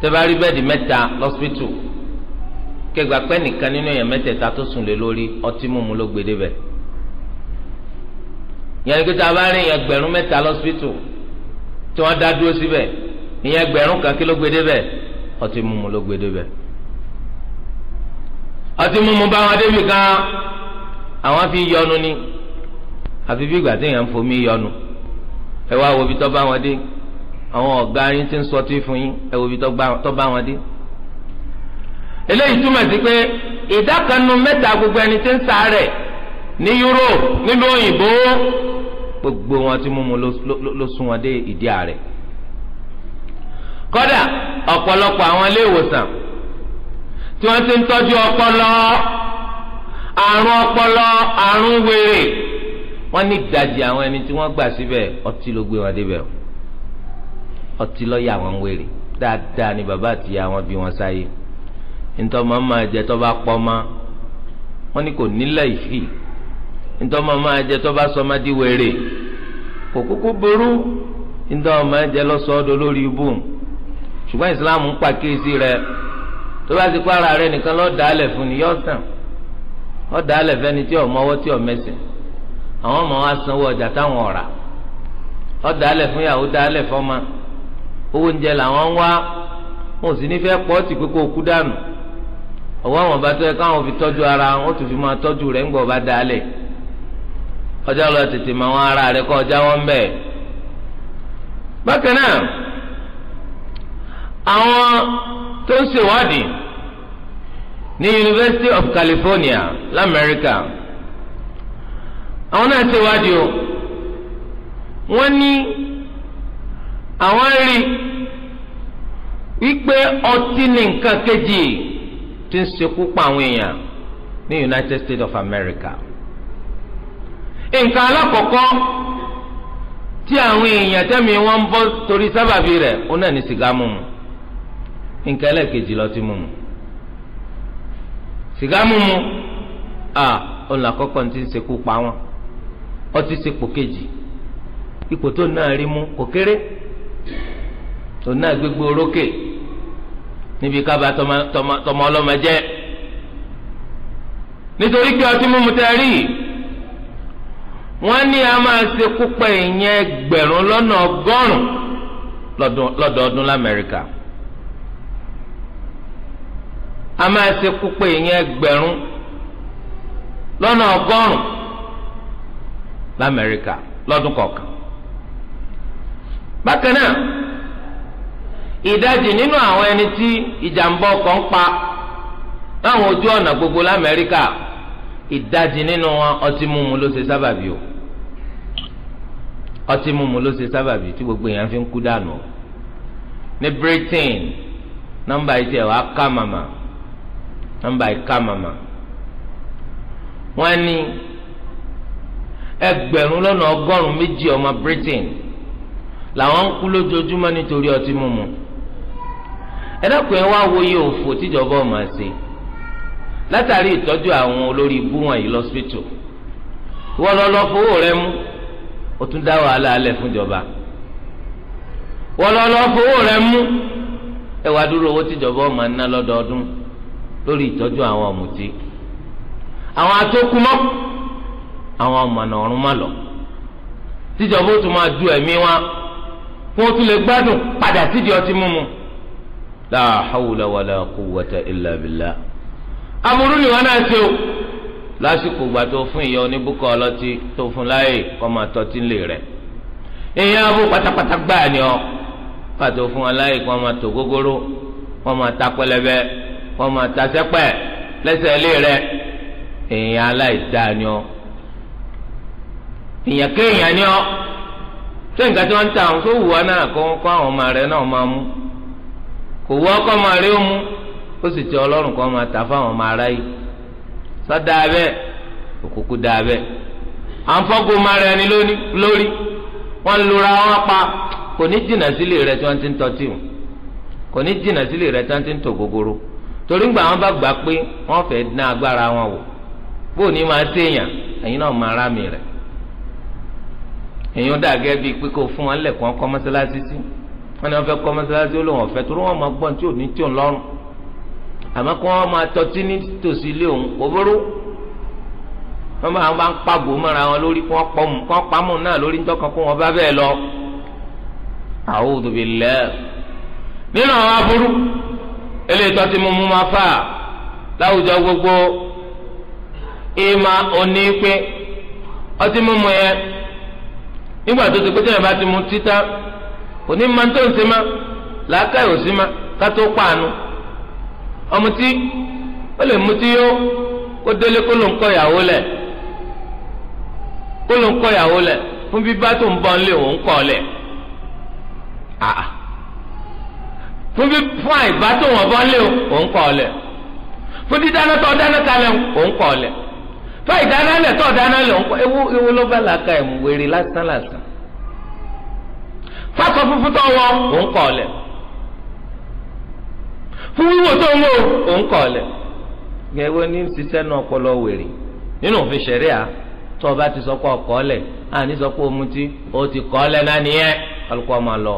tẹ́ bá rí bẹ́ẹ̀dì mẹ́ta lọ́sítù kẹgbà pẹ́ nìkan nínú èèyàn mẹ́tẹ̀ẹ̀ta tó sùn lé lórí ọtí mímu ló gbé débẹ̀ ìyẹn kí tá a bá rí èèyàn gbẹ̀rún mẹ́ta lọ́sítù tí wọ́n dá dúró síbẹ̀ ìyẹn gbẹ̀rún kan kí ló gbé débẹ̀ ọtí mímu ló gbé débẹ̀ ọtí mímu bá wọn débi kan àwọn fi yọnu ni àfi bí ìgbà tí èèyàn ń fomi yọnu ẹ wá wo ibi tó bá wọn dé àwọn ọ̀gá yín ti ń sọ tí fún yín ẹ wo ibi tó bá wọn dé. eléyìí túmọ̀ sí pé ìdá kan nu mẹ́ta gbogbo ẹni tí ń ṣàárẹ̀ ní Europe nílùú òyìnbó gbogbo wọn ti mú ló sún wọn dé ìdí àárẹ̀. kódà ọ̀pọ̀lọpọ̀ àwọn ilé ìwòsàn tí wọ́n ti ń tọ́jú ọpọlọ àrùn ọpọlọ àrùn wèrè wọ́n ní ìdajì àwọn ẹni tí wọ́n gbà síbẹ̀ ọtí ló gbé wọn débẹ̀ o ọtí lọ́ọ̀yà wọn wèrè dáadáa ni bàbá àti ìyá wọn bí wọn sáyé ntọ́ máa máa jẹ tó bá pọ́ ma wọ́n ní kò nílẹ̀ ìfì ntọ́ máa máa jẹ tó bá sọmadí wèrè kò kúkú burú ntọ́ máa jẹ lọ́sọ̀ọ́dọ̀ lórí ibù ṣùgbọ́n Islam ń pàkíyèsí rẹ tó bá ti kó ara rẹ nìkan lọ́ọ́ dàálẹ̀ fún ni yọ̀ọ́ tàn ọ́ fẹ́ni tí ò mọ́wọ́ tí ò mẹ́sẹ̀ àwọn ọmọ wa sanwó ọjà táwọn ọ̀rà ọ alẹ̀ fún yàwó dá alẹ̀ fọ́mà owó oúnjẹ làwọn ń wá wọn ò sì ní fẹ́ pọ́ọ̀tì pé kó o kú dànù ọwọ́ àwọn ọba tó yẹ fi tọ́jú ara wọn tó fi máa tọ́jú rẹ̀ ńgbọ̀ ọba dá ọjà lọ tètè mọ àwọn rẹ̀ kọ́ ọjà wọn bákan náà àwọn tó ń ṣèwádìí ní of California lamẹ́ríkà. àwọn náà ṣe wádìí o wọ́n ní àwọn rí wípé ọtí ní nǹkan kejì tí ń ṣekú pa àwọn èèyàn ní United States of America nǹkan alákọ̀ọ́kọ́ tí àwọn èèyàn tẹ́mi wọ́n ń bọ́ torí sábàbí rẹ̀ òun náà ní sìgá mímu nǹkan ẹlẹ́ẹ̀kejì lọ́tí mímu sìgá mímu à òun làkọ́kọ́ ti ń ṣekú pa wọn ọtí sípò kejì ipò tó náà rí mú kò kéré tó náà gbégbé orókè níbi kábà tọmọ ọlọ́mọ jẹ́ nítorí pé ọtí mímu tẹ rí wọ́n ní a máa ṣe kúpẹ ìyẹn ẹgbẹ̀rún lọ́nà ọgọ́rùn lọ́dọọdún lamẹ́ríkà a máa ṣe kúpẹ ìyẹn ẹgbẹ̀rún lọ́nà ọgọ́rùn. l'amẹrika lọ́dún kọ̀ọ̀kan. bákan náà ìdajì nínú àwọn ẹni tí ìjàmbá ọkọ̀ ń pa láwọn ojú ọ̀nà gbogbo l'amẹrika ìdajì nínú wọn ọtí mímu ló ṣe sábàbí o ọtí mímu ló ṣe sábàbí tí gbogbo èèyàn fi ń kú dànù ní Britain nọ́mbà yìí tiẹ̀ wá ká màmá nọ́mbà yìí ká màmá wọ́n ní. ẹgbẹ̀rún lọ́nà ọgọ́rùn-ún méjì ọmọ Britain làwọn ń kú lójoojúmọ́ nítorí ọtí mímu ẹ dákun ẹ wá wo iye òfò tíjọba ọmọ ṣe látàrí ìtọ́jú àwọn olórí ibú wọ̀nyí lọ́sítò wọ́n lọ lọ fowó rẹ mú ó tún dá wàhálà alẹ̀ fúnjọba wọ́n lọ lọ fowó rẹ mú ẹ dúró owó tíjọba ọmọ ná lọ́dọọdún lórí ìtọ́jú àwọn ọ̀mùtí àwọn atókùmọ́ àwọn ọmọnà ọ̀run má lọ tíjọba ó tún máa du ẹ̀mí wa kó o tún lè gbádùn padà sídìí ọtí mímu. la hawla wala quwwata illa billah. aburú ni wọn náà ṣe o lásìkò ìgbà tó fún ìyá oníbùkọ ọlọ́tí tó fún láàyè kọ́ máa tọ́tí lè rẹ̀ ìyá abó pátápátá gbáà ni ọ pàtó fún wọn láàyè kọ́ máa tò gógóró kọ́ máa ta pẹlẹbẹ kọ́ máa ta sẹ́pẹ̀ lẹ́sẹ̀ lé rẹ̀ ìyá aláìdáa ni ọ èèyàn kéèyàn ni ọ tó nǹkan tí wọ́n ń ta àwọn tó wù ọ náà kó kó àwọn ọmọ rẹ náà máa mú kò wú ọkọ rẹ ó mú ó sì ti ọlọ́run kan máa tà fáwọn ọmọ ara yìí sọ dáa bẹ́ẹ̀ òkùnkù dáa rẹ ni lórí lura wọn pa kò ní rẹ tí ti ń kò rẹ tí ti ń torí gbà wọn èèyàn dà gẹ́ bíi pé kò fún wọn lẹ̀kọ́ kọ́ mọ́sálásí sí wọn ni wọn fẹ́ kọ́ mọ́sálásí ó lóun ọ̀fẹ́ torí wọn máa gbọ́n tí ò ní tí ò ń lọ́rùn àmọ́ kí wọ́n máa tọ́tí ní tòsí ilé òun kò bóró wọ́n máa ń pàgò mọ́ra wọn lórí kí wọ́n pọ́mù kí wọ́n pamọ́ náà lórí ńjọ́kan kó wọn bá bẹ́ẹ̀ lọ. A'udhu billah nínú àwọn aburú eléyìí tọ́tí mímú máa fà láwùjọ gbogbo ìmà òní pé ọtí mímú yẹn nígbà tó ti pé tẹ́lẹ̀ bá ti mu títà kò ní máa tó ń ṣe má làákà yóò sí má ká tó pàànù ọmọtí ó lè mutí yó kó délé kó ló ń kọ ìyàwó lẹ̀ kó ló ń kọ ìyàwó lẹ̀ fún bíbá tó ń bọ̀ ń òun kọ́ lẹ̀ àà fún bí fún àìbá tó wọ́n bọ́ ń òun kọ́ lẹ̀ fún dídáná tó dáná kalẹ̀ òun kọ́ lẹ̀ tọ́ ìdáná lẹ̀ tọ́ ìdáná lẹ̀ ewu ewu ló bá làákà ẹ̀ mú wèrè lásán lásán fásọ funfun tó wọ òun kọ̀ fún wíwò tó ń wò òun kọ̀ ní náà ọpọlọ wèrè nínú òfin ṣẹ̀ríà tó o bá ti sọ pé o ti kọọ náà nìyẹn lọ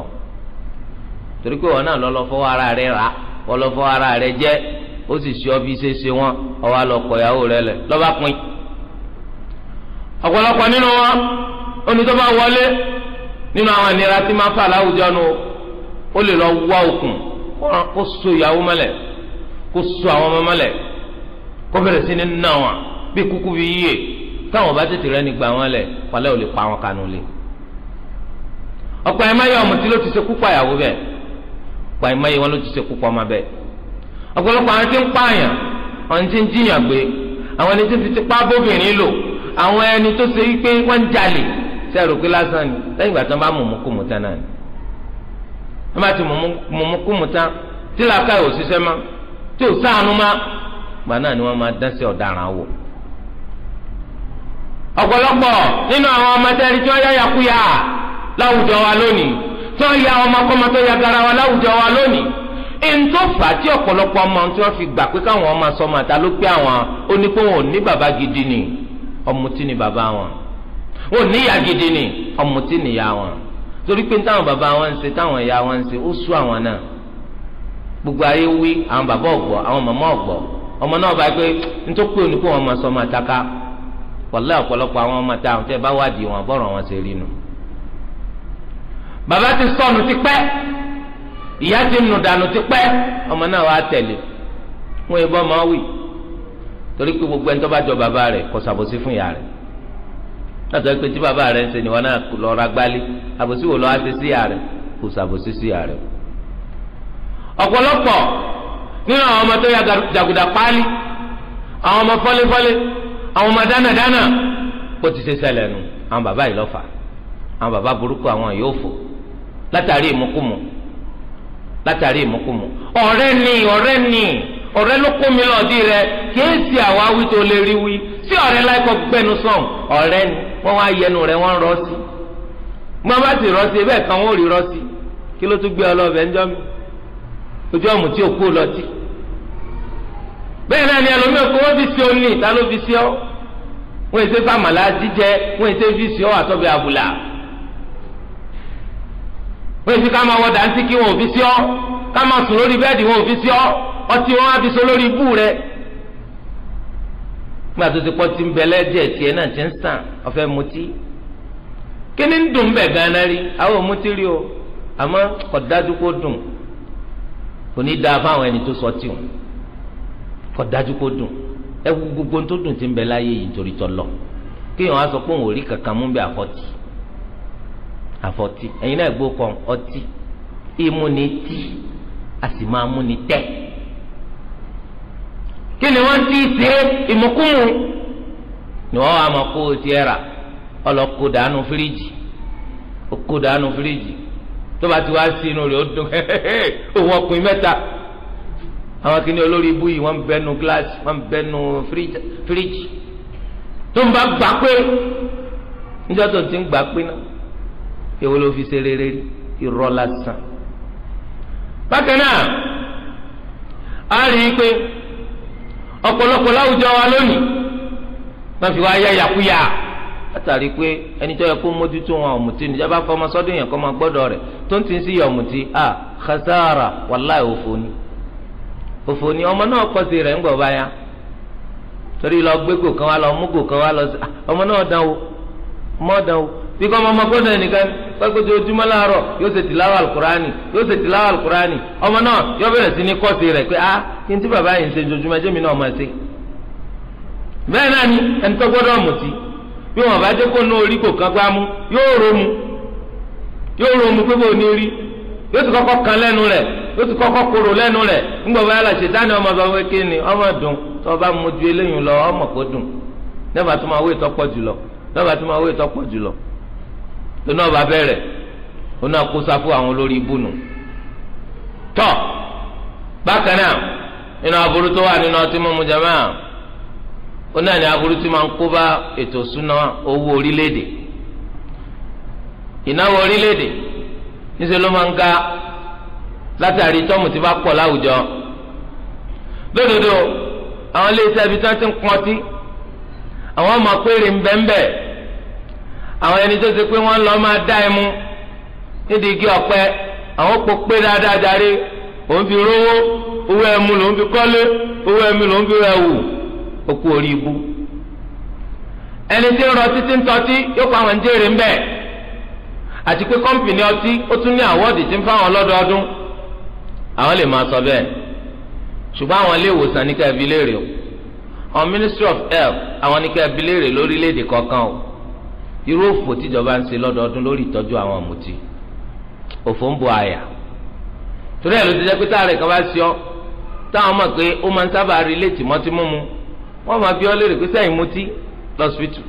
torí pé wọn náà lọ lọ ara rẹ rà lọ ara rẹ ó sì ṣe ọ bí ṣe ọ̀pọ̀lọpọ̀ nínú wọn onítọ́ba wọlé nínú àwọn ìnira tí máa fà láwùjọ nu ó lè lọ wá òkun kó so ìyàwó mọ́lẹ̀ kó so àwọn ọmọ mọ́lẹ̀ kó bẹ̀rẹ̀ sí ní nà wọn bí kúkú bí yíyẹ táwọn bá tètè rẹ́ni gbà wọn lẹ̀ pàlẹ́ ò lè pa wọn kanu lé ọ̀pọ̀ ẹ̀ máa yọ ọmọ tí ló ti ṣe kú pa ìyàwó bẹ́ẹ̀ ọ̀pọ̀ ẹ̀ máa yọ wọn ló ti ṣe kú pa ọmọ bẹ́ẹ̀ ọ̀pọ̀lọpọ̀ àwọn tí ń pààyàn àwọn tí ń jiyàn gbé àwọn ẹni tí ń fi tipa bóbìnrin lò àwọn ẹni tó ṣe wípé wọ́n jalè ṣe rò lásán ni lẹ́yìn ìgbà tí wọ́n bá mú mukúmu tán náà ni wọ́n bá ti mú mukúmu tán tí làákà yóò ṣiṣẹ́ mọ́ tí ò sáànù mọ́ gbà náà ni wọ́n máa dán sí ọ̀daràn wò. ọ̀pọ̀lọpọ̀ nínú àwọn ọmọdé ẹni tí wọ́n yá yakuya láwùjọ wa lónìí tí wọ́n ya ọmọkọ́mọ tó ya gara wa láwùjọ wa lónìí èntò tí ọ̀pọ̀lọpọ̀ ọmọ tí wọ́n fi gbà pé káwọn ọmọ sọmọ àtàlópẹ́ àwọn onípòwọ̀n ní bàbá gidi ni ọ̀mùtí ni bàbá wọn wọn ò níyà gidi ni ọ̀mùtí nìyá wọn torí pé táwọn bàbá wọn ń ṣe táwọn ìyá wọn ń ṣe ó sú àwọn náà gbogbo ayé wí àwọn bàbá ọ̀gbọ́ àwọn màmá ọ̀gbọ́ ọmọ náà bá pé ntọ́pẹ́ òní kó wọn máa sọ ọmọ àtàkà wàlẹ́ ọ̀pọ̀lọpọ̀ àwọn ọmọ táwọn tẹ́ bá wádìí wọn bọ́rọ̀ wọn ṣe rí nu. bàbá ti sọnù ti pẹ́ ìyá ti nù dànù ti pẹ́ ọmọ náà wàá tẹ̀lé wọn ìbọn máa wì torí pé gbogbo ẹni tó bá jọ bàbá rẹ̀ kò ṣàbòsí fún ìyá rẹ̀ látọ̀ pé tí bàbá rẹ̀ ń ṣe ni wọn náà lọ ra gbálí àbòsí wo lọ́wọ́ ṣe sí ìyá rẹ̀ kò ṣàbòsí sí ìyá ọ̀pọ̀lọpọ̀ nínú àwọn ọmọ tó ya jàgùdà páálí àwọn ọmọ fọ́léfọ́lé àwọn ọmọ dánàdánà kó ti ṣe ṣẹlẹ̀ nu àwọn bàbá yìí lọ́fà àwọn bàbá burúkú àwọn yóò fò látàrí ìmúkùmù látàrí ìmúkùmù ọ̀rẹ́ ni ọ̀rẹ́ ni ọ̀rẹ́ ló kó mi lọ́ọ̀dí rẹ kìí ṣe àwa wí tó lè rí wí sí ọ̀rẹ́ láìkọ́ gbẹnu sàn ọ̀rẹ́ ni wọ́n wá yẹnu rẹ wọ́n rọ́ sí mo bá sì rọ́ sí bẹ́ẹ̀ kan wọ́n rí rọ́ sí kí ló tún gbé ọ lọ́ọ̀bẹ ń jọ́ mi ojú ọ̀mù tí ò kú lọ́tì bẹ́ẹ̀ náà ni ẹlòmíràn kó wọ́n fi sí ọ ní ìta ló fi sí ọ wọ́n èsè fàmàlà jíjẹ wọ́n èsè fi sí ọ àtọ́bẹ̀ àbùlà wọ́n èsè ká máa wọ dàńtí kí wọ́n ò fi sí ọ ká máa sùn lórí bẹ́ẹ̀dì wọ́n ò fi sí ọ ọtí wọn á fi so lórí ibú rẹ gbà tó ti pọ́ ti ń bẹ lẹ́jẹ̀ tiẹ̀ náà ti ń sàn ọ̀fẹ́ mutí kí ni ń dùn bẹ̀ gánà rí àwọn mutí rí o àmọ́ kò dájú kó dùn kò ní dáa fáwọn ẹni tó sọ tiwọn kò dájú kó dùn ẹ gbogbo tó dùn ti ń bẹ láyé yìí nítorí tọlọ kí wọn sọ pé òun ò rí kankan mú bí àfọtì àfọtì ẹ̀yin náà gbó kan ọtí ìmúni tí a sì máa múni tẹ́ kí ni wọ́n ti ṣe ìmọ̀kúmu ni wọ́n wà máa kó o ti ẹ̀ rà ọlọ́kó dànù fíríjì ó kó dànù fíríjì tó bá ti wá sí inú rẹ̀ ó dùn òun ọkùnrin mẹ́ta àwọn kìnìún olórí ibú yìí wọ́n ń bẹnu gíláàsì wọ́n ń fíríjì tó ń bá gbà pé níjọ́ tó ti ń gbà pé náà èwo ló fi ṣe rere irọ́ lásán bákan náà a rí i pé ọ̀pọ̀lọpọ̀ láwùjọ wa lónìí wọ́n fi wá yá yàkúyà látàrí pé ẹni tó yẹ kó mójútó wọn ọ̀mùtí ni jábá fọmọ sọ́dún yẹn kọ́ máa gbọ́dọ̀ rẹ̀ tó ń ti ń sí yọ ọ̀mùtí à khasara wàláì òfò ni òfò ni ọmọ náà kọ́ sí rẹ̀ ń gbọ̀ báyà torí lọ gbégò kan wá lọ múgò kan wá lọ sí ọmọ náà dán o ọmọ dán o bí kò ọmọ ọmọkọ́dọ̀ ẹnìkan pẹ́kọ́tì ojúmọ́ láàárọ̀ yóò ṣe tìláwà alukurani yóò ṣe alukurani ọmọ náà yóò bẹ̀rẹ̀ sí ní kọ́ọ̀sì rẹ̀ pé ah kí bàbá yìí ń ṣe jojúmọ́ ẹjẹ́ mi náà máa náà ni ẹni tó gbọ́dọ̀ mutí bí wọn bá jẹ́ kó ná orí kò gbámú yóò romu yóò romu pé bó ní yóò ti kan lẹ́nu rẹ̀ yóò ti koro lẹ́nu rẹ̀ ńgbọ́ bá yàrá ṣètánì ọmọ sọ pé kí ni ọmọ dùn tó bá ju eléyìí lọ ọmọ kò dùn lẹ́bàá tó máa wé jùlọ tó máa wé jùlọ lónà lónà kó sáfù àwọn olórí ibùnú bákan náà. nínú aburú tó wà nínú ọtí mímu jama ó náà ní aburú tí máa ń kó bá ètò ìṣúná owó orílẹ̀-èdè ìnáwó orílẹ̀-èdè níṣẹ́ ló máa ń ga látàrí tọ́mù tí bá pọ̀ láwùjọ lódodo àwọn iléeṣẹ́ ibi tí wọ́n ti ń pọntí àwọn ọmọ péré ń owó ẹmu ló ń fi kọ́lé owó ẹmu ló ń fi ẹwù okú orí ibú ẹni tí ń rọ títí ń tọ́tí yóò pa àwọn ń jèrè ń bẹ̀ àti pé kọ́mpìnì ọtí ó tún ní àwọ́ọ̀dì tí ń fáwọn lọ́dọọdún àwọn lè máa sọ bẹ́ẹ̀ ṣùgbọ́n àwọn ilé ìwòsàn ní kẹ́ẹ̀bí léèrè o on ministry of health àwọn ní kẹ́ẹ̀bí léèrè lórílẹ̀‐èdè kọ̀ọ̀kan o irú òfò tíjọba ń ṣe lọ́dọọdún lórí ìtọ́jú àwọn ọ̀mùtí òfò ń bo àyà torí ẹ̀ ló ti jẹ́ pé táàrẹ̀ kan bá ṣe ọ́ táwọn mọ̀ pé ó máa ń sábà relate mọ́tí mímu wọ́n máa bí ọ lérè pé sẹ́yìn mutí lọ́sibítù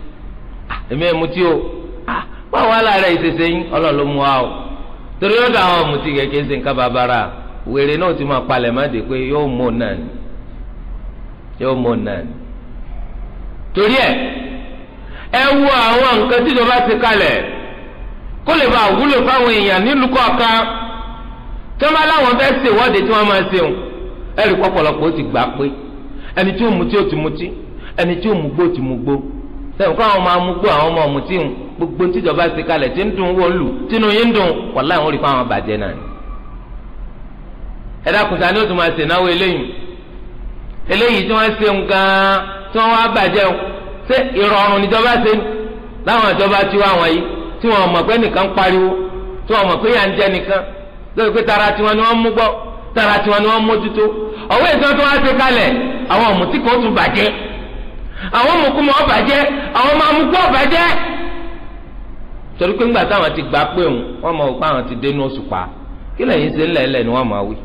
èmi ẹ̀ mutí o wọ́n wá láàárẹ̀ ìṣẹ̀ṣẹ̀ yín ọlọ́ọ̀lọ́ mu wa o torí ó dà àwọn mutí kẹ̀kẹ́ ṣe nǹkan bàbàrà wèrè náà ti máa palẹ̀ má dé pé yóò mú un náà ni yóò mú un náà ni torí ẹ ẹ wo àwọn nǹkan tí ìjọba ti kalẹ̀ kó lè bá wúlò fáwọn èèyàn nílùú kọ̀ọ̀kan tí wọ́n bá láwọn fẹ́ ẹ̀rí kọ́pọ̀lọpọ̀ ó ti gbà pé ẹni tí ó mutí ó ti mutí ẹni tí ó mugbó ó ti mugbó sẹ́yìn kó àwọn máa mugbó àwọn ọmọ mutí ń gbogbo tíjọba ti kalẹ̀ tí ń dùn wọ́n lù tínú yín ń dùn wàlá àwọn olùkọ́ àwọn bàjẹ́ náà ni. ẹ̀dá kùtà ni ó tún máa ṣe náwó eléyìí eléyìí tí wọ́n ṣe ń gan-an tí wọ́n wá bàjẹ́ o ṣé ìrọ̀rùn níjọba ṣe láwọn ìjọba tí wọ́n yìí tí wọ́n mọ̀ pé nìkan pariwo tí wọ́n mọ̀ pé yà ń jẹ́ nìkan lórí pé tara tiwọn ni wọ́n mú gbọ́ tara tiwọn ni wọ́n mójútó ọwọ́ ìtàn tó wá ṣe kalẹ̀ àwọn ọ̀mùtí kan tún bàjẹ́ àwọn ọmọkùnmọ̀ ó bàjẹ́ àwọn ọmọ amukú ó torí pé ńgbà táwọn ti gbà pé òun wọn mọ òpá àwọn ti dé ní oṣù pa kí lẹ́yìn ṣe ńlẹ̀ẹ́lẹ̀ ni wọ́n máa wí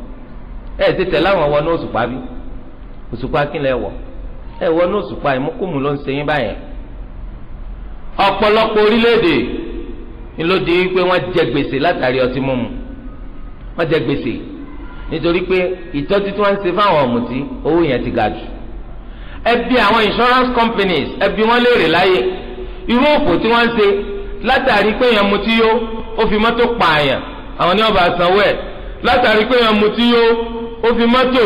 ẹ̀ ti tẹ̀ láwọn wọ ní oṣù pa bí oṣù pa kí lẹ́ wọ̀ ẹ̀ wọ ní oṣù pa ìmúkùmù ló ń ṣe yín báyẹn ọ̀pọ̀lọpọ̀ orílẹ̀-èdè ni ló di wípé wọ́n jẹ gbèsè látàrí ọtí mímu wọ́n jẹ gbèsè nítorí pé ìtọ́jú tí wọ́n ń ṣe fáwọn ọ̀mùtí owó yẹn ti ga jù ẹbí àwọn insurance companies ẹbí wọn léèrè láyè irú òfò tí wọ́n ń ṣe látàrí pé èèyàn mutí yó ó fi mọ́tò pààyàn àwọn ní ọba àsanwó ẹ̀ látàrí pé èèyàn mutí yó ó fi mọ́tò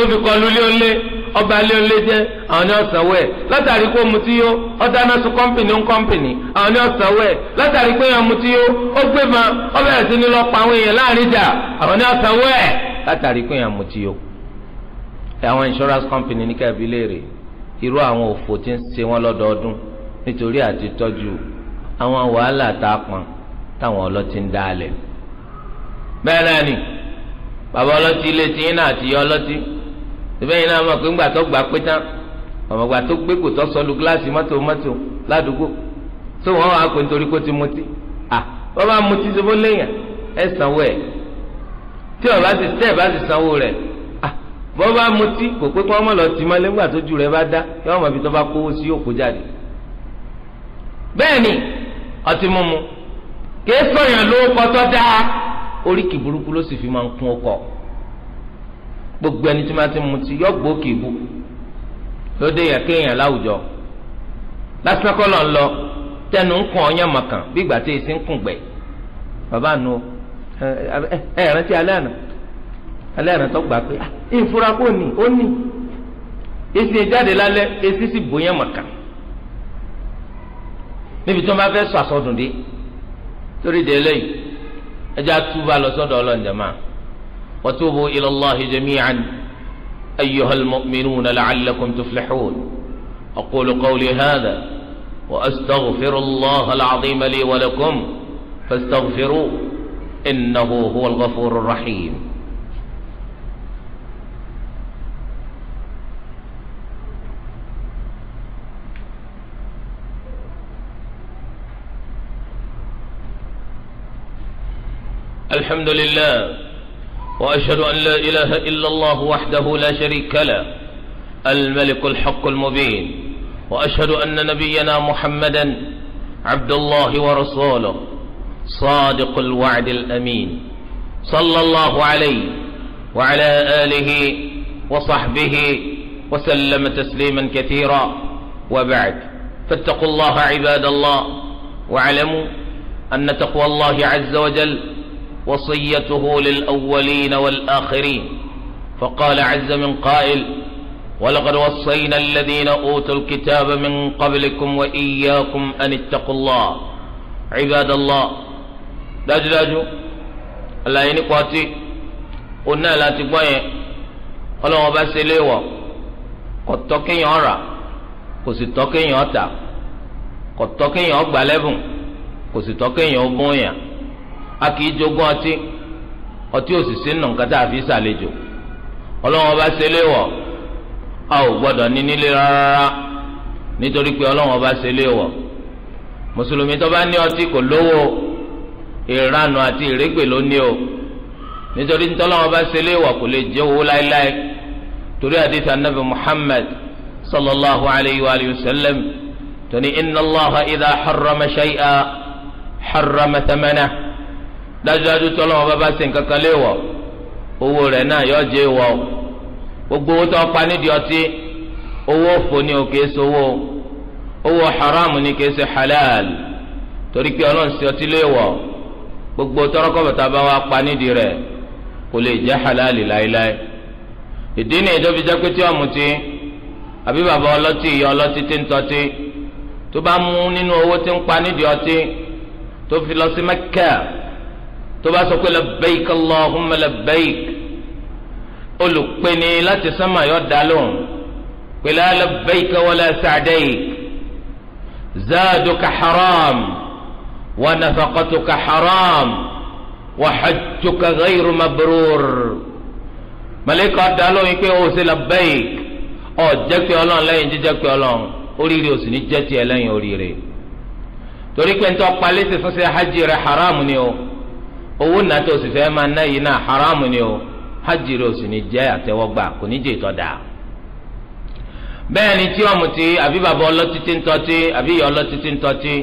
ó fi kọlu lé ó lé ọba léńlé jẹ́ àwọn ni ọ̀sánwó ẹ̀ látàrí kó mutí yó ọ̀dáná sun kọ́mpìnì ń kọ́mpìnì àwọn ni ọ̀sánwó ẹ̀ látàrí pé èèyàn mutí yó ó gbé ma ọbẹ̀ rẹ̀ sí ni lọ́ọ́ pa àwọn èèyàn láàrin jà àwọn ni ọ̀sánwó ẹ̀ látàrí pé èèyàn mutí yó. àwọn insurance company ní kẹ́ẹ̀bí léèrè irú àwọn òfò tí ń ṣe wọ́n lọ́dọọdún nítorí àti tọ́jú àwọn wàhálà tá táwọn ọlọ́tí ni bàbá ọlọ́tí ilé tiyín náà ti. ìyá ọlọ́tí síbẹ̀ yìí náà mọ̀ pé ńgbà tó gbà pé tán ọ̀mọ̀gbà tó gbé kò tó sọlu gíláàsì mọ́tò mọ́tò ládùúgbò tó wọ́n wàá pè nítorí kó ti mutí à wọ́n bá mutí sọ́bó léèyàn ẹ̀ sanwó ẹ̀ tí ọ̀ bá ti tẹ́ ẹ̀ bá ti sanwó rẹ̀ à bọ́n bá mutí kò pé kí wọ́n mọ̀ lọ tì mọ́ lẹ́gbà tó ju rẹ̀ bá dá kí wọ́n mọ̀ ibi tó bá kówó sí òkú jáde. bẹ́ẹ̀ni ọtí mímu kì í sọ̀yàn ló kọ́ tọ́ gbogbo ẹni tí wọ́n ti mutí yọ gbòókè ibú lóde yẹn kéèyàn láwùjọ lásán kọ́ lọ́n lọ tẹnu ń kàn ọyàn mọ̀kàn bí ìgbà tí èsì ń kùn gbẹ bàbá nu ẹ ẹ rántí alẹ́ àná alẹ́ àná tó gbà pé ah, ìfura kò ní ó ní èsì ìjáde lálẹ́ èsì sì bóyá mọ̀kàn níbi tí wọ́n bá fẹ́ sọ àsọdùn dé torí délé yìí àtúbà lọ sọ́dọ̀ ọlọ́njẹ́ máa. وتوبوا إلى الله جميعا أيها المؤمنون لعلكم تفلحون أقول قولي هذا وأستغفر الله العظيم لي ولكم فاستغفروه إنه هو الغفور الرحيم الحمد لله وأشهد أن لا إله إلا الله وحده لا شريك له الملك الحق المبين وأشهد أن نبينا محمدا عبد الله ورسوله صادق الوعد الأمين صلى الله عليه وعلى آله وصحبه وسلم تسليما كثيرا وبعد فاتقوا الله عباد الله واعلموا أن تقوى الله عز وجل وصيته للأولين والآخرين فقال عز من قائل ولقد وصينا الذين أوتوا الكتاب من قبلكم وإياكم أن اتقوا الله عباد الله dájúdájú àlàyé nípa ọtí òun náà láti gbọ́ yẹn ọlọ́wọ́n bá ṣe léèwọ̀ kò tọ́ kéèyàn rà kò sì tọ́ kéèyàn tà kò tọ́ kéèyàn gbà lẹ́bùn kò sì tọ́ kéèyàn bóyàn a kì í jogún ọtí ọtí ò sì sí nù nǹkan tá a fi ṣàlejò ọlọ́wọ́n bá ṣe léwọ̀ a ò gbọ́dọ̀ ní nílé rárá nítorí pé ọlọ́wọ́n bá ṣe léwọ̀ mùsùlùmí tó bá ní ọtí kò lówó ìranù àti ìrégbè ló ní o nítorí ntọ́lọ́wọ́n bá ṣe léwọ̀ kò lè jẹ́ owó láéláé torí àdìsá nàbì Muhammad sallallahu alayhi wa sallam tóní inna Allaha idha harrama shay'a harrama thamanahu dájúdájú tọ́lọ́wọ́n bá bá ṣe nǹkan kan léèwọ̀ owó rẹ̀ náà yọ jẹ́ ìwọ̀ gbogbo owó tó ń pa nídìí ọtí owó òfò ni ò kìí sowó owó haram ni kìí ṣe halal torí pé ọlọ́run ṣe ọtí léèwọ̀ gbogbo tọ́rọ́kọ̀bọ̀tà bá wa pa nídìí rẹ̀ kò lè jẹ́ halal láéláé ìdí ni ìjọba jẹ́ pé tí ọ̀mùtí àbí bàbá ọlọ́tí ìyá ọlọ́tí tí ń tọ́tí tó bá mú nínú owó tí ń pa nídìí ọtí tó fi lọ sí Mẹ́kà tó bá sọ pé labbaik allahumma labbaik olùpẹni láti sánmà yọ dá lóhùn pé la labbaik wala sa'daik zaaduka haram wa nafaqatuka haram wa hajjuka ghayru mabrur malika dá lóhùn pé o ṣe labbaik ọ jẹ́ pé ọlọ́run lẹ́yìn jíjẹ́ pé ọlọ́run oríire o sì ní jẹ́ lẹ́yìn oríire torí pé ń tọ́ ti fún hajj rẹ̀ haram ni o owó náà tó sì fẹ́ máa ná yìí náà haramu ni o hajj rẹ̀ ò sì ní jẹ́ àtẹ́wọ́gbà kò ní jẹ́ ìtọ́da. bẹ́ẹ̀ ni tí ọ̀mùtí àbí bàbá ọlọ́tí ti ń tọ́tí àbí ìyá ọlọ́tí ti ń tọ́tí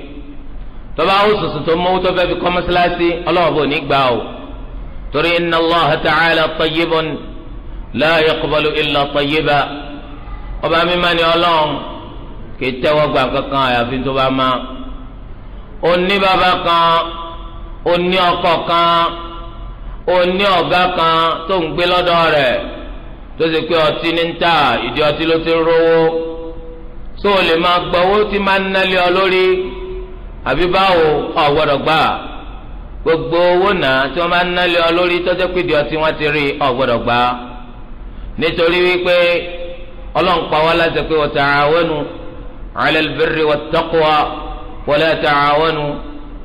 tọ́ba ó sòsò tó mọ́wó tó fẹ́ fi kọ́ mọ́sálásí ọlọ́wọ́ bò ní gbà o torí inna Allaha ta'ala tayyibun la yaqbalu illa tayyiba ọba mímá ni ọlọ́run kì í tẹ́wọ́ kankan àyàfi tó bá máa ó ní bàbá kan ó ní ọkọ kan ó ní ọ̀gá kan tó ń gbé lọ́dọ̀ rẹ̀ tó ṣe pé ọtí ní ń tà ìdí ọtí ló ti ń rówó tó o lè máa gbọ́wó tí máa ń nálé ọ lórí àbí báwo o gbọ́dọ̀ gbà gbogbo owó náà tí wọ́n máa ń nálé ọ lórí tó jẹ́ pé ìdí ọtí wọ́n ti rí o gbà nítorí wípé ọlọ́run pa wá láti pé wa ta'awanu 'ala al-birri wat-taqwa wa la ta'awanu.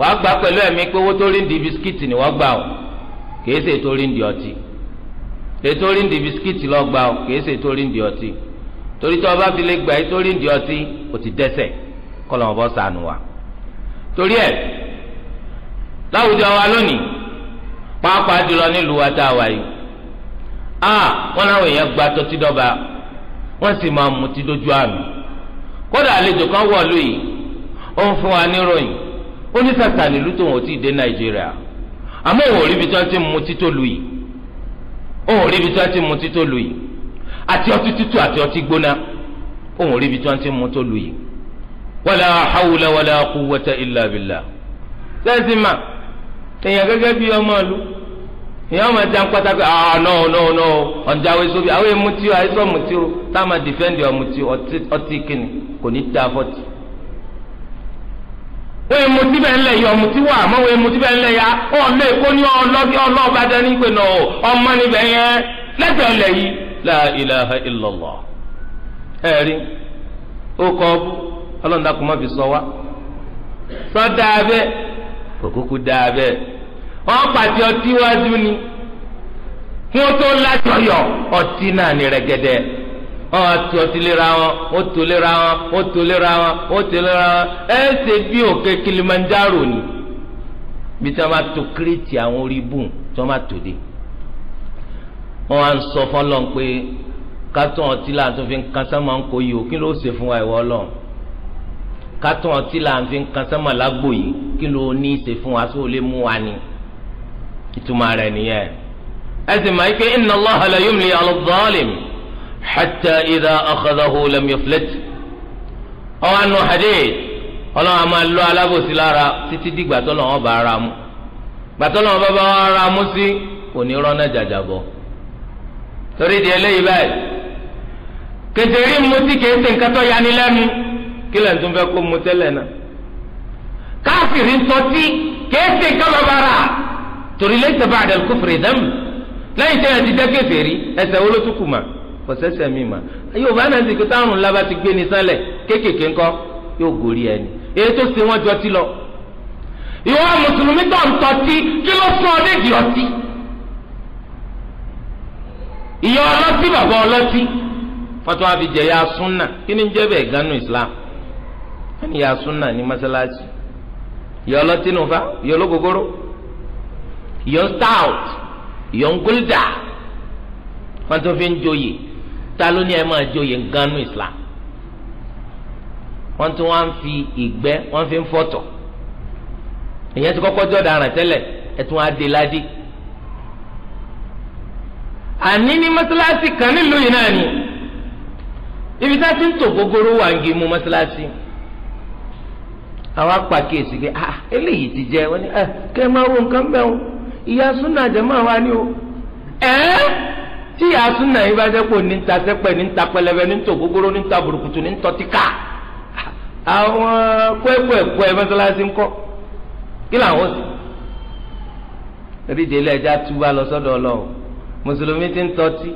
wàá gbà pẹ̀lú ẹ̀mí pé owó tó rí ń di bisikíìtì ni wọ́n gbà o kìí ṣe tó rí ń di ọtí ètò rí ń di bisikíìtì lọ gbà o kìí ṣe tó rí ń di ọtí torí tí wọ́n bá fi lè gbà ètò rí ń di ọtí o ti dẹ́ṣẹ̀ kọ́lọ̀ wọn bọ́ sànù wa. torí ẹ láwùjọ wa lónìí pàápàá jùlọ nílùú wa tá a wà yìí a wọn láwọn èèyàn gba tọ́tí dọ́ba wọ́n sì máa mutí dójú àmì kódà àlejò kan wọ̀ lóyìí ó ń fún wa níròyìn ó ní sàṣà nílùú tó wọn ò tí ì dé nàìjíríà àmọ́ òun ò rí ibi tí wọ́n ti mú tító lu yìí òun ò rí ibi tí wọ́n ti mú tító lu àti ọtí tútù àti ọtí gbóná òun rí ibi tí wọ́n ti mú tó lu yìí wala hawla wala quwwata illa billah sẹ́ẹ̀sì mà èèyàn gẹ́gẹ́ bí ọmọ ìlú èèyàn máa já ń pé ah no no no ọ̀njáwé sóbi àwọn èmutí o àìsàn mutí o táwọn máa dìfẹ́ǹdì ọ̀mutí ọtí kìnnì kò ní dáa fọ́tì wọ́n emu tí ya ńlẹ̀ yọ ọmọ tí wà àmọ́ wọ́n emu tí bẹ́ẹ̀ ńlẹ̀ yá ọ̀lẹ́ èkó ní ọlọ́bí ọlọ́ọ̀bàdà ní ìpè náà ọmọ níbẹ̀ yẹn lẹ́tọ̀ọ́ lẹ̀ yìí la ilaha illallah. ẹ ó sọ wá sọ dáa bẹ́ẹ̀ kòkókó dáa bẹ́ẹ̀ ọtí wájú ni kí tó lájọyọ̀ ọtí náà wọn àti ọtí lera wọn ó tó lera wọn ó tó lera wọn ó tó lera wọn ẹ ṣe bí Kilimanjaro ni bí tí wọn tó kírètì àwọn orí bùn tí wọn tó dé wọn à ń sọ fọlọ́n pé kátó ọtí tó fi ń o kí ló ṣe fún wa ìwọ kátó ọtí ni ìtumọ̀ rẹ̀ nìyẹn ẹ sì máa حتى إذا أخذه لم يفلت أو أنه حديث ọlọ́run a máa lọ alábòsí lára títí dìgbà tọ́lọ́run bá ara mu gbàtọ́lọ́run bá bá ara mu sí kò ní rọ́nà jàjàbọ̀ torí di eléyìí báyìí kẹtẹrí mutí kẹsẹ nǹkan tó yani lẹ́nu kí lẹ́nu tó fẹ́ kó mu tẹ́lẹ̀ náà káfíìrì sọtí kẹsẹ nǹkan bá bára torí lẹ́sẹ̀ bá àdàlù kófìrì dẹ́mu lẹ́yìn tẹ́lẹ̀ ti dẹ́ kẹfẹ́ ẹsẹ̀ wọlé tó kù mà kò sẹ́sẹ̀ mi mà yóò bá náà sì pé táwọn ńlá bá ti gbé ní sálẹ̀ kéékèèké ńkọ́ yóò gòrí ẹni èyí tó ṣe wọ́n jọ ti lọ. ìwọ mùsùlùmí tó ń tọ́tí kí ló sọ ọdẹ di ọtí. ìyá ọlọ́tí bàbá ọlọ́tí fọ́tò àfijẹ́ ya súnà kí ni jẹ́ bẹ́ẹ̀ ganu Islam wọ́n ya súnà ní mọ́sálásí ìyá ọlọ́tí nù ìyá ológogoro ìyá stout ìyá ngolda wọ́n tún fi ń joyè ta ló ní ẹ máa joyè ganu islam wọ́n tún wọ́n fi ìgbẹ́ wọ́n fi ń fọ̀tọ̀ ìyẹn ti kọ́kọ́ jọ̀dá àràn tẹ́lẹ̀ ẹ̀ tún adé ládé àní ní mọ́sálásí kan nílùú yìí náà ni ibi tá a ti ń tò gbogbooro wà ń gi mu mọ́sálásí àwọn apàkíyèsí pé ah eléyìí ti jẹ wọ́n ní ẹ eh, kẹ́ ẹ máa wo nǹkan bẹ́ẹ̀ o ìyá súnà jẹ́ máa wá ní o ẹ́ẹ́ tí àtúnà yìí bá jẹ́ pò ní ta sẹ́pẹ̀ ní ta pẹlẹbẹ ní tò gbogbo ní ta burúkutu ní tọ́ ti ká àwọn kọ́ẹ̀kọ́ẹ̀kọ́ ẹ mọ́sálásí ńkọ́ kí làwọn sì rídìí ilé ẹja túbà lọ sọ́dọ̀ ọlọ́run mùsùlùmí ti ń tọ́tí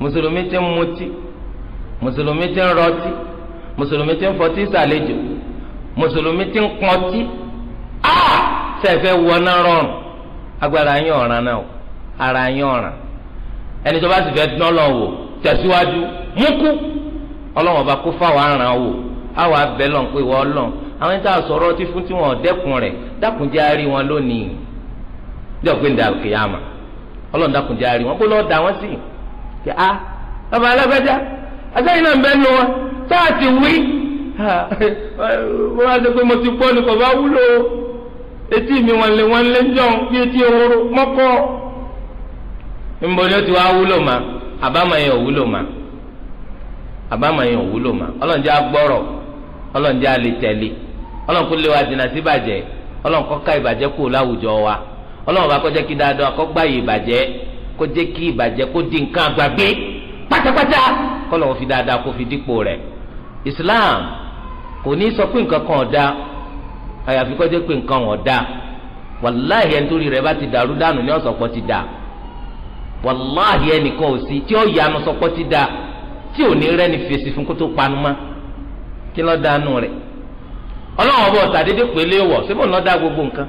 mùsùlùmí ti ń mutí mùsùlùmí ti ń rọtí mùsùlùmí ti ń fọtí ìsàlejò mùsùlùmí ti ń kọtí a wọná rọrùn agbára yín ọ̀ràn náà ara ẹni tó bá sì fẹ́ dán lọ́n wò tẹ̀síwájú ọba kó fáwọn aràn wò àwọn abẹ́ lọ́n pé wọ́n lọ́n àwọn ẹni tá a sọ̀rọ̀ tí fún tí dẹ́kun rẹ̀ dákunjẹ́ wọn lónìí wọn kó lọ́ọ́ sí kí a bàbá alágbájá náà ń bẹ́ nu wọn tá a ti wí wọ́n á sọ pé mo ti ni kò bá wúlò etí mi níbo ni ó ti wá wúlò ma àbámọ̀ yẹn ò ma àbámọ̀ yẹn ò wúlò ma ọlọ́njẹ́ agbọ́rọ̀ ọlọ́njẹ́ alẹ́tẹ̀lẹ́ ọlọ́nkú wa dènà sí ìbàjẹ́ ọlọ́nkú ká ìbàjẹ́ láwùjọ wa ọlọ́run yìí di nka kpatakpata fi Islam kò ní pé nǹkan kan àyàfi pé nǹkan bá ti dàrú dànù ní wàláhì ẹnìkan ò sí tí ó yà ánú sọpọ́ ti da tí ò ní rẹ́ni fèsì fún kó tó panu ma kí lọ́ọ́ rẹ̀ ọlọ́wọ́n bọ̀ wọ̀ síbò gbogbo nǹkan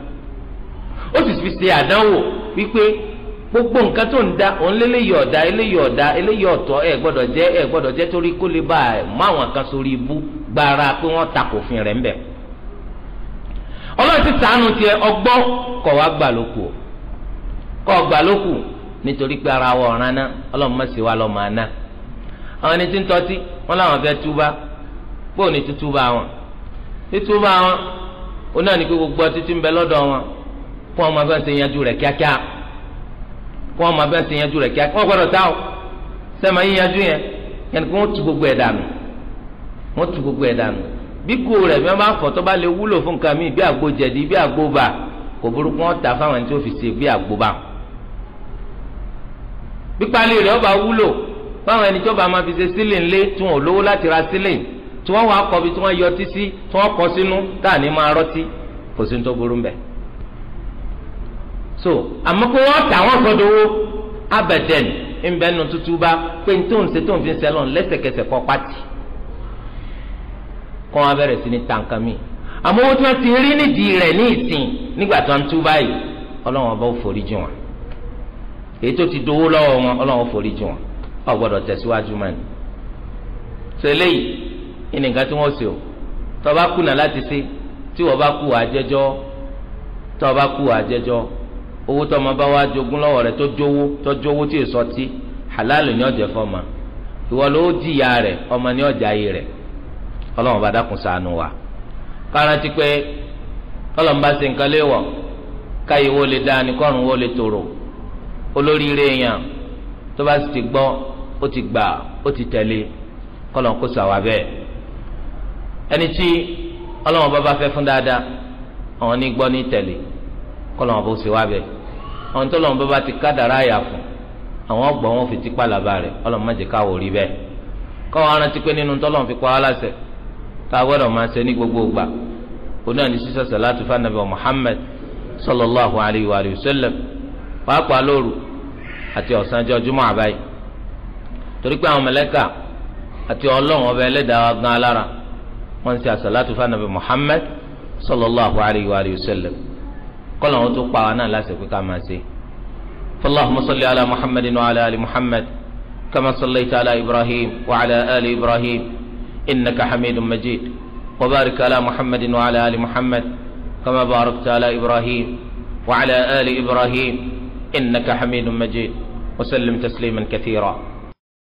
ó sì fi ṣe àdánwò wípé gbogbo nǹkan tó ń da òun léléyìí ọ̀dà eléyìí ọ̀dà eléyìí ọ̀tọ̀ ẹ̀ gbọ́dọ̀ jẹ́ ẹ̀ gbọ́dọ̀ jẹ́ torí kó lè bá ẹ̀ mú àwọn pé wọ́n fin rẹ̀ ń bẹ̀. ọlọ́run ti sàánú tiẹ̀ kọ̀ nítorí pé ara wa ọ̀ràn náà ọlọ́run má sì wá lọ́ máa ná àwọn ẹni tí ń tọ́tí wọn làwọn fẹ́ túbá bóun ni tútúbá wọn tútúbá wọn ó náà ní kí gbogbo ọtí tí ń bẹ lọ́dọ̀ wọn kó wọn máa fẹ́ ṣe yanjú rẹ̀ kíákíá kó wọn máa fẹ́ ṣe yanjú rẹ̀ kíákíá wọn gbọ́dọ̀ tá o sẹ́mi ayé yanjú yẹn yẹn kó wọ́n tu gbogbo ẹ̀ dànù wọ́n tu gbogbo ẹ̀ dànù bí kò rẹ̀ bí wọ́n bá fọ̀ tó bá lè wúlò fún nǹkan bí àgbo jẹ̀dí bí àgbo bà kò burúkú wọn tà fáwọn ẹni tí fi ṣe bí àgbo bà wọn pípalẹ rẹ̀ ọba wúlò fáwọn ẹni tí ọba máa fi ṣe sílẹ̀ ńlẹ̀ tí wọn ò lówó láti ra sílẹ̀ tí wọn wàá kọbi tí wọn yọ ọtí sí tí wọn kọ sínú tá à ní máa rọtí kò sí ní tó burú mbẹ. so àmọ́ pé wọ́n tà wọ́n sọ dowó abẹ́dẹ́n ńbẹ́nu tútù bá pé ní tóun ṣe tóun fi ń sẹ́lọ̀ lẹ́sẹ̀kẹsẹ̀ kọ́ pátì kọ́ wọn bẹ̀rẹ̀ sí ní tàǹkà mi àmọ́ owó tí wọ́n ti rí nídìí rẹ̀ ní ìsìn nígbà tó ń tú báyìí ọlọ́run ọba ò forí jì èyí tó ti dowó lọ́wọ́ wọn ọlọ́run forí jì wọn ọ gbọ́dọ̀ tẹ̀síwájú mọ́ ni. sọ eléyìí nǹkan tí wọ́n ṣe o tó bá kùnà láti ṣe tí wọ́n bá kú àjẹjọ́ tó kú àjẹjọ́ owó tó bá wá jogún lọ́wọ́ rẹ̀ tó jówó tó jówó tí èso ti halal ni ọ̀jẹ̀ fọ́ọ̀mà ìwọ ló jìyà rẹ̀ olóríire èèyàn tó bá sì ti gbọ́ ó ti gbà ó ti tẹ̀lé kọ́lọ̀ kó sàwà bẹ́ẹ̀ ẹni tí ọlọ́wọ́n bá bá fẹ́ fún dáadáa àwọn ní gbọ́ ní tẹ̀lé kọ́lọ̀ wọn bó sì wá bẹ́ẹ̀ àwọn tó lọ́wọ́n bá bá ti kádàrá àyà fún àwọn ọgbọ̀n wọn fi ti pàlàbà rẹ̀ ọlọ́wọ́n má jẹ́ káwọ́ rí bẹ́ẹ̀ kọ́wọ́n arántí pé nínú tọ́lọ́wọ́n fi pa wá láṣẹ máa ṣe ní gbogbo ìgbà oní àni sísọ Muhammad sallallahu alayhi wa sallam pàápàá àti ọ̀sánjọ́ júmọ́ àbáyé torí pé àwọn mẹlẹ́kà àti ọlọ́run ọba ẹlẹ́dàá wa gan alára wọ́n ń ṣe àṣàlátù fanabi Muhammad sallallahu alayhi wa sallam kọ́lọ̀ wọn tó pa wa náà láti ká máa ṣe. fallahumma salli ala muhammadin wa ala ali muhammad kama sallaita ala ibrahim wa ala ali ibrahim innaka hamidun majid wa barik ala muhammadin wa ala ali muhammad kama barakta ala ibrahim wa ala ali ibrahim innaka hamidun majid. وسلم تسليما كثيرا